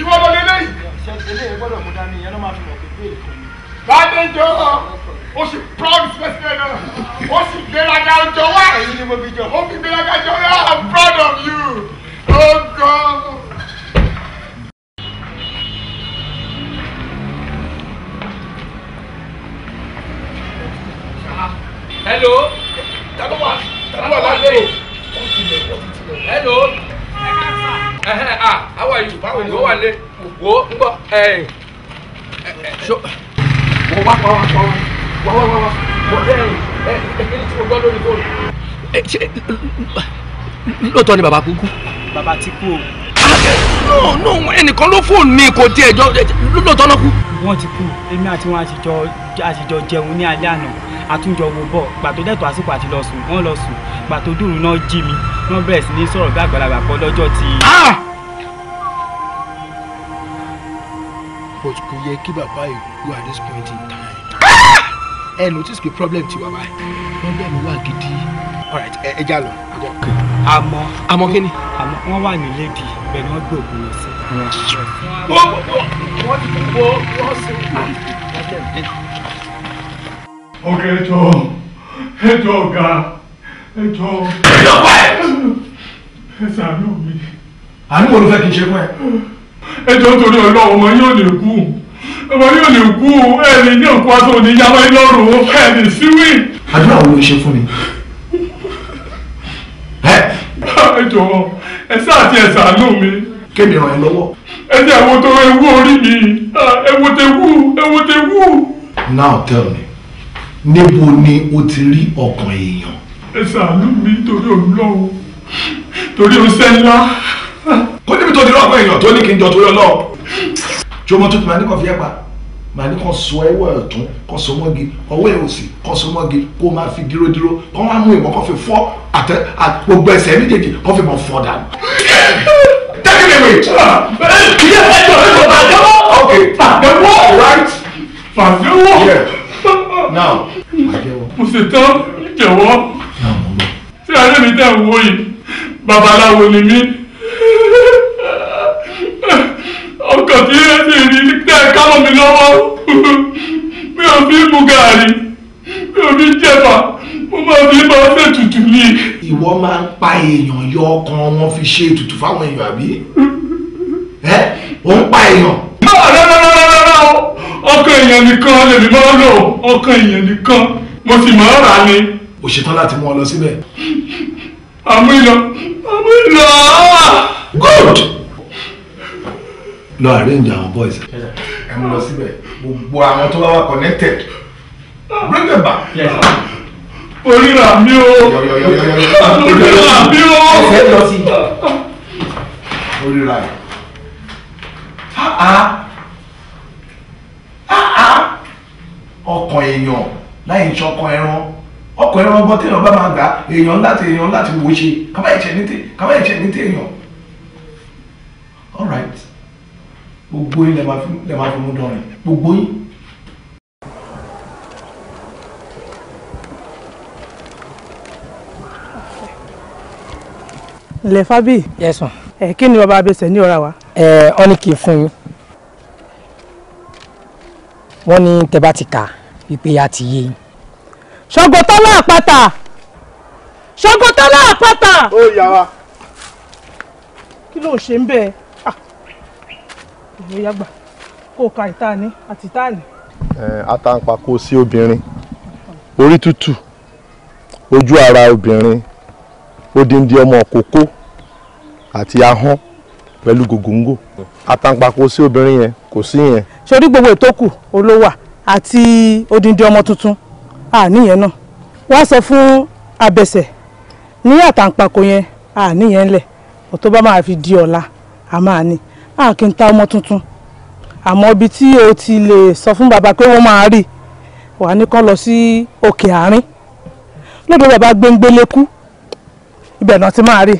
S1: ìwọ ló lélẹ́ yìí. ṣe eléyìí gbọ́dọ̀ mú dání yẹn máa fi mọ̀ pé bẹ́ẹ̀ kọ́ ni. o sì proud president náà o sì gbéraga jọ wá. èyí ni mo fi jọ. o fi gbéraga jọ wá I'm proud of you. Oh God. hello. tẹnuwa tẹnuwa lálẹ́ yìí. hello. Ah, how are you? Báwo ni o wà lé? Wo ń gbọ́. Mo wá pa wá pa wá wá wá wá wá ẹ̀yìn ẹ̀yìn tí mo gbọ́ lórí fóònù. Lóòótọ́ ni bàbá kú kú. Bàbá ti kú o no no ẹnìkan ló fóònù mi kò tiẹ̀ jọ lóòótọ́ lọ́kù. wọ́n ti kú èmi àti wọn àtijọ́ jẹun ní alẹ́ àná àtúnjọ wo bọ̀ gbàtó dẹ́tọ̀ àsìkò àti lọ sùn wọ́n lọ sùn gbàtó dùrù náà jí mi wọ́n bẹ̀rẹ̀ sí ní sọ̀rọ̀ bí àgbàlagbà kan lọ́jọ́ ti. but ah! kò yẹ kí bàbá ìkú at this point in time. Ah! ẹ notice pé problem ti wà báyìí problem wà gidi. all right ẹ jà lọ àmọ́ àmọ́ kí ni. àmọ́ wọ́n wà ní lẹ́dí bẹ́ẹ̀ ni wọ́n gbòògùn lọ sí. wọ́n wọ́n wọ́n wọ́n sì wọ́n. ọ̀gá
S2: ẹjọ́ ẹjọ́ ọ̀gá ẹjọ́. ẹjọ́ pa ẹ̀. ẹ ṣàánú mi.
S1: àánú wo ló fẹ́ kí n ṣe fún ẹ. ẹjọ́ torí ọlọ́run ọmọ yóò lè kú ọmọ yóò lè kú ẹ lè ní òkú aṣọ òní yàrá ìlọrùn ẹ lè síwì. àdúrà wo ló ṣe fún mi. ẹ jọ̀wọ́ ẹ sáà ti ẹ̀ sàánú mi. kéde ràn ẹ́ lọ́wọ́. ẹ jẹ́ ẹ̀wọ́ tó ewu orí mi ẹ̀wọ́ tẹ wú ẹ̀wọ́ tẹ wú. now tell me níbo ni o ti rí ọkàn èèyàn. ẹ sàánú mi torí òun lọ́wọ́ torí o ṣẹ́ ńlá. kó níbi tó ti rí ọkàn èèyàn tó ní kí n jọ torí ọlọ́ọ̀. jọmọ tó ti máa ní kọfí ẹ̀ pa màá ní kàn sọ ẹwọ́ ọ̀tún kàn sọ mọ́gi ọwọ́ ẹ̀ òsì kàn sọ mọ́gi kó máa fi dúró dúró kàn wá mú ìmọ̀ kàn fi fọ́ àtẹ gbogbo ẹsẹ̀ méjèèjì kàn fi mọ̀ fọ́ dànù.
S2: take it away. ilé ẹjọ́ rẹ̀ kò bá jẹ́wọ́. ok pàdéwọ́. right pàdéwọ́. yeah now pàdéwọ́. mo ṣe tán jẹ̀wọ́. ṣé alẹ́ mi dẹ̀ wò yìí babaláwo ni mí ọkọ̀ tí ẹ sì rí tẹ́ ẹ kámọ́ mi lọ́wọ́ mi ò fi mu gààrí mi ò fi jẹ̀bà mo máa fi
S1: bá ọ ṣe tutù ni. ìwọ máa ń pa èèyàn yọ ọkàn wọn fi ṣe ètùtù fáwọn èèyàn àbí ẹ ò ń pa èèyàn. Ah, ọkàn èèyàn nìkan lèmi máa ń ọkàn èèyàn nìkan mo sì máa rà á ni. ò ṣetán láti mú ọ lọ síbẹ̀.
S2: àmú ìlọ àmú ìlọ. Ah. good
S1: lọ arrange àwọn boys. ẹ mú lọ síbẹ̀ gbogbo àwọn tó bá wà connected bring them back.
S2: oríra mi o
S1: oríra mi o. ẹsẹ̀ lọ sí ìjọ. oríra yìí. ọkàn èèyàn láì ṣọkan ẹran ọkàn ẹran ọgbọ́n téèyàn bá máa gbà èèyàn láti èèyàn láti wò ṣe kàmáyé ṣe ní téèyàn. all right gbogbo yín lè máa fi mú dọ̀rìn gbogbo yín.
S3: ilẹ̀ fábí. yes ma. ẹ kí ni bàbá abẹsẹ̀ ní ọ̀rá wa. ẹ ọ ní kì í fún yín wọ́n ní tẹ bá ti kà wípé a ti yé yín. ṣògòtọ́lá àpáta ṣògòtọ́lá àpáta. ó yà kí ló ṣe ń bẹ́ẹ̀ bóyá gbà kó ka ìtaani àti ìtaani.
S1: atanpako sí obìnrin orí tútù ojú ara obìnrin odindi ọmọ kókó àti ahọ́n pẹ̀lú gògóńgò atanpako sí obìnrin yẹn kò sí yẹn.
S3: sórí gbogbo ètò kù olówà àti odindi ọmọ tuntun àníyẹn náà wọ́n sọ fún abẹsẹ̀ ní àtàǹpàkò yẹn àníyẹn ńlẹ̀ ọ̀tọ́ bá máa fi di ọ̀la a máa a ah, kì í ta ọmọ tuntun àmọ́ ibi tí o ti lè sọ fún bàbá pé wọ́n máa rí wà ní kán lọ sí òkè àárín lọ́dọ̀ bàbá gbẹ̀ngbẹ̀lẹ́kú ibẹ̀ náà ti máa rí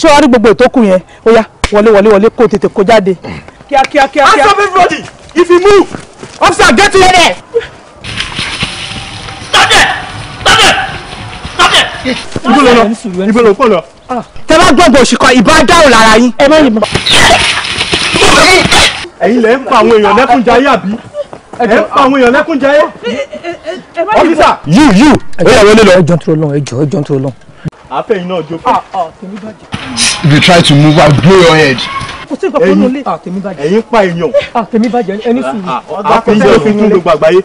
S3: ṣé wàá rí gbogbo ìtókù yẹn ó yá wọlé wọlé wọlé kó tètè kó jáde. kíákíá kíákíá. hands up everybody if you move officer get to your there. stop there stop there stop there ibo lọ lọ ibo lọ pọ ah. lọ. tẹ bá gbọ̀ngbọ̀ òṣìkọ ìbá dáhùn lára yín. ẹ má yìí mọ. ẹ̀yin lẹ ń pa àwọn èèyàn lẹ́kúnjayé àbí
S1: ẹ ń pa àwọn èèyàn lẹ́kúnjayé.
S3: ọ́fíìsà. yú yú ó yà wọlé lọ. ẹ jọ ń tóró lọ ẹ jọ ẹ jọ ń tóró lọ. àfẹ́yìn náà jó fún. Ah, ah, if you try to move out blow your head kò sí nǹkan kan ní ilé. ẹ̀yin pa èèyàn. tèmi bàjẹ́ ẹni sùn. àfihàn
S1: fi tún gbogbo àgbáyé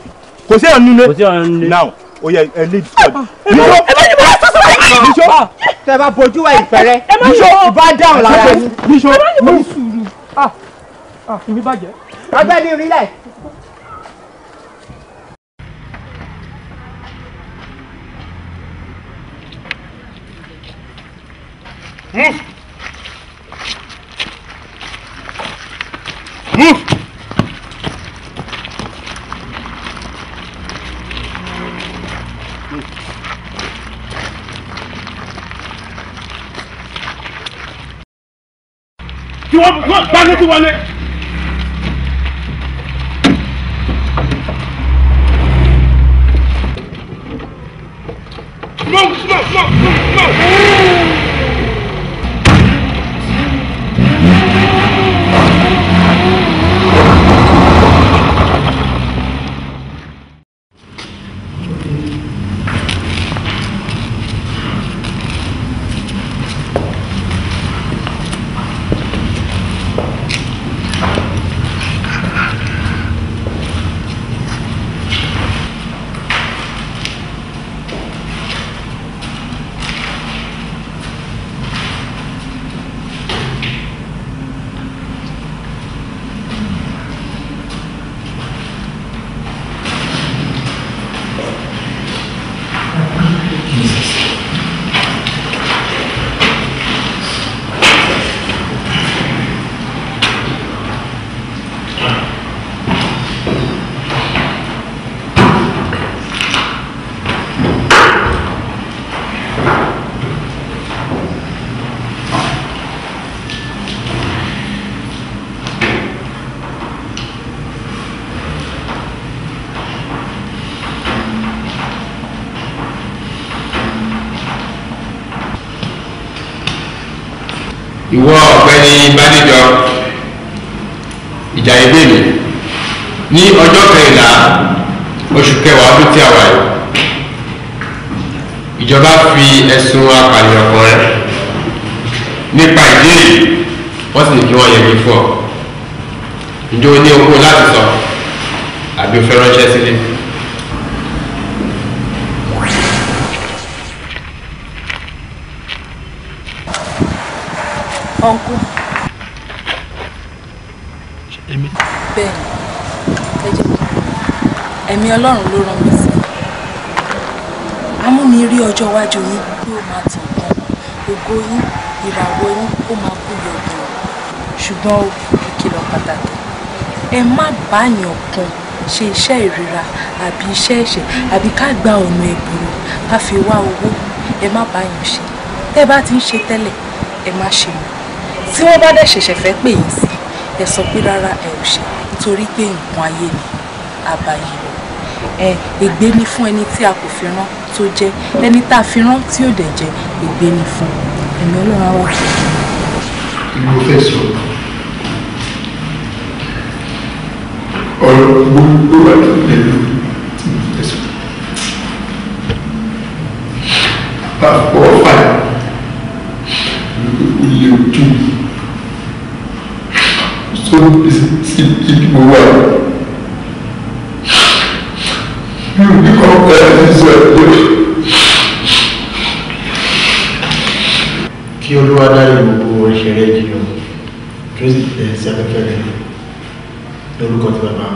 S1: kò sí ọ̀nù ilé. now ó yẹ ẹ lé discord. ẹ bá yẹ bá bíṣọ́ ah. tẹ bá bojú wa ìfẹ́rẹ́ bíṣọ́ bá dáhùn lára yín bíṣọ́ mo
S3: ah ah mi bàjẹ́. ọgbẹ́ ní orílẹ̀.
S2: Move! Hmm. Move! Hmm.
S1: tí wọ́n gbá létí wọlé. Smoke, smoke, smoke.
S2: ọ̀nkú.
S4: èmi. bẹ́ẹ̀ni ẹ jẹ́ kí ẹ̀mí ọlọ́run ló rán mi sí i amúni rí ọjọ́ iwájú yín yóò máa tàn tán ògo yín ìràwọ̀ yín ó máa kú yọ̀ọ̀dọ̀
S3: ṣùgbọ́n ó ìkìlọ̀ pàtàkì ẹ má báyàn kan ṣe iṣẹ́ ìríra àbí iṣẹ́ ẹ̀ṣẹ̀ àbí ká gba ọ̀nà ẹ̀bùrú ká fi wá owó ẹ má báyàn ṣe tẹ́ bá ti ń ṣe tẹ́lẹ̀ ẹ má ṣe mọ́ tí wọ́n
S4: bá dẹ̀ ṣẹ̀ṣẹ̀ fẹ́ pè yín sí ẹ sọ pé rárá ẹ ò ṣe nítorí pé nǹkan ayé ni àbàyè ẹ ègbé ni fún ẹni tí a kò fi rán tó jẹ ẹni tá a fi rán tí ò dẹ̀ jẹ ègbé ni fún ẹ̀mí ọlọ́run á wà kí.
S2: mo fẹ́ sọ ọ̀rọ̀ gbogbo wà lẹ́nu
S1: ẹ̀sùn. àpò ọ̀fà ni ó lè tún so see see people well you become like this well. kí olúwa dárí gbogbo oríṣiríṣi jìnnà kí ó sì tẹ̀ sí afẹ́fẹ́ rẹ̀ lórúkọ tí bàbá wa.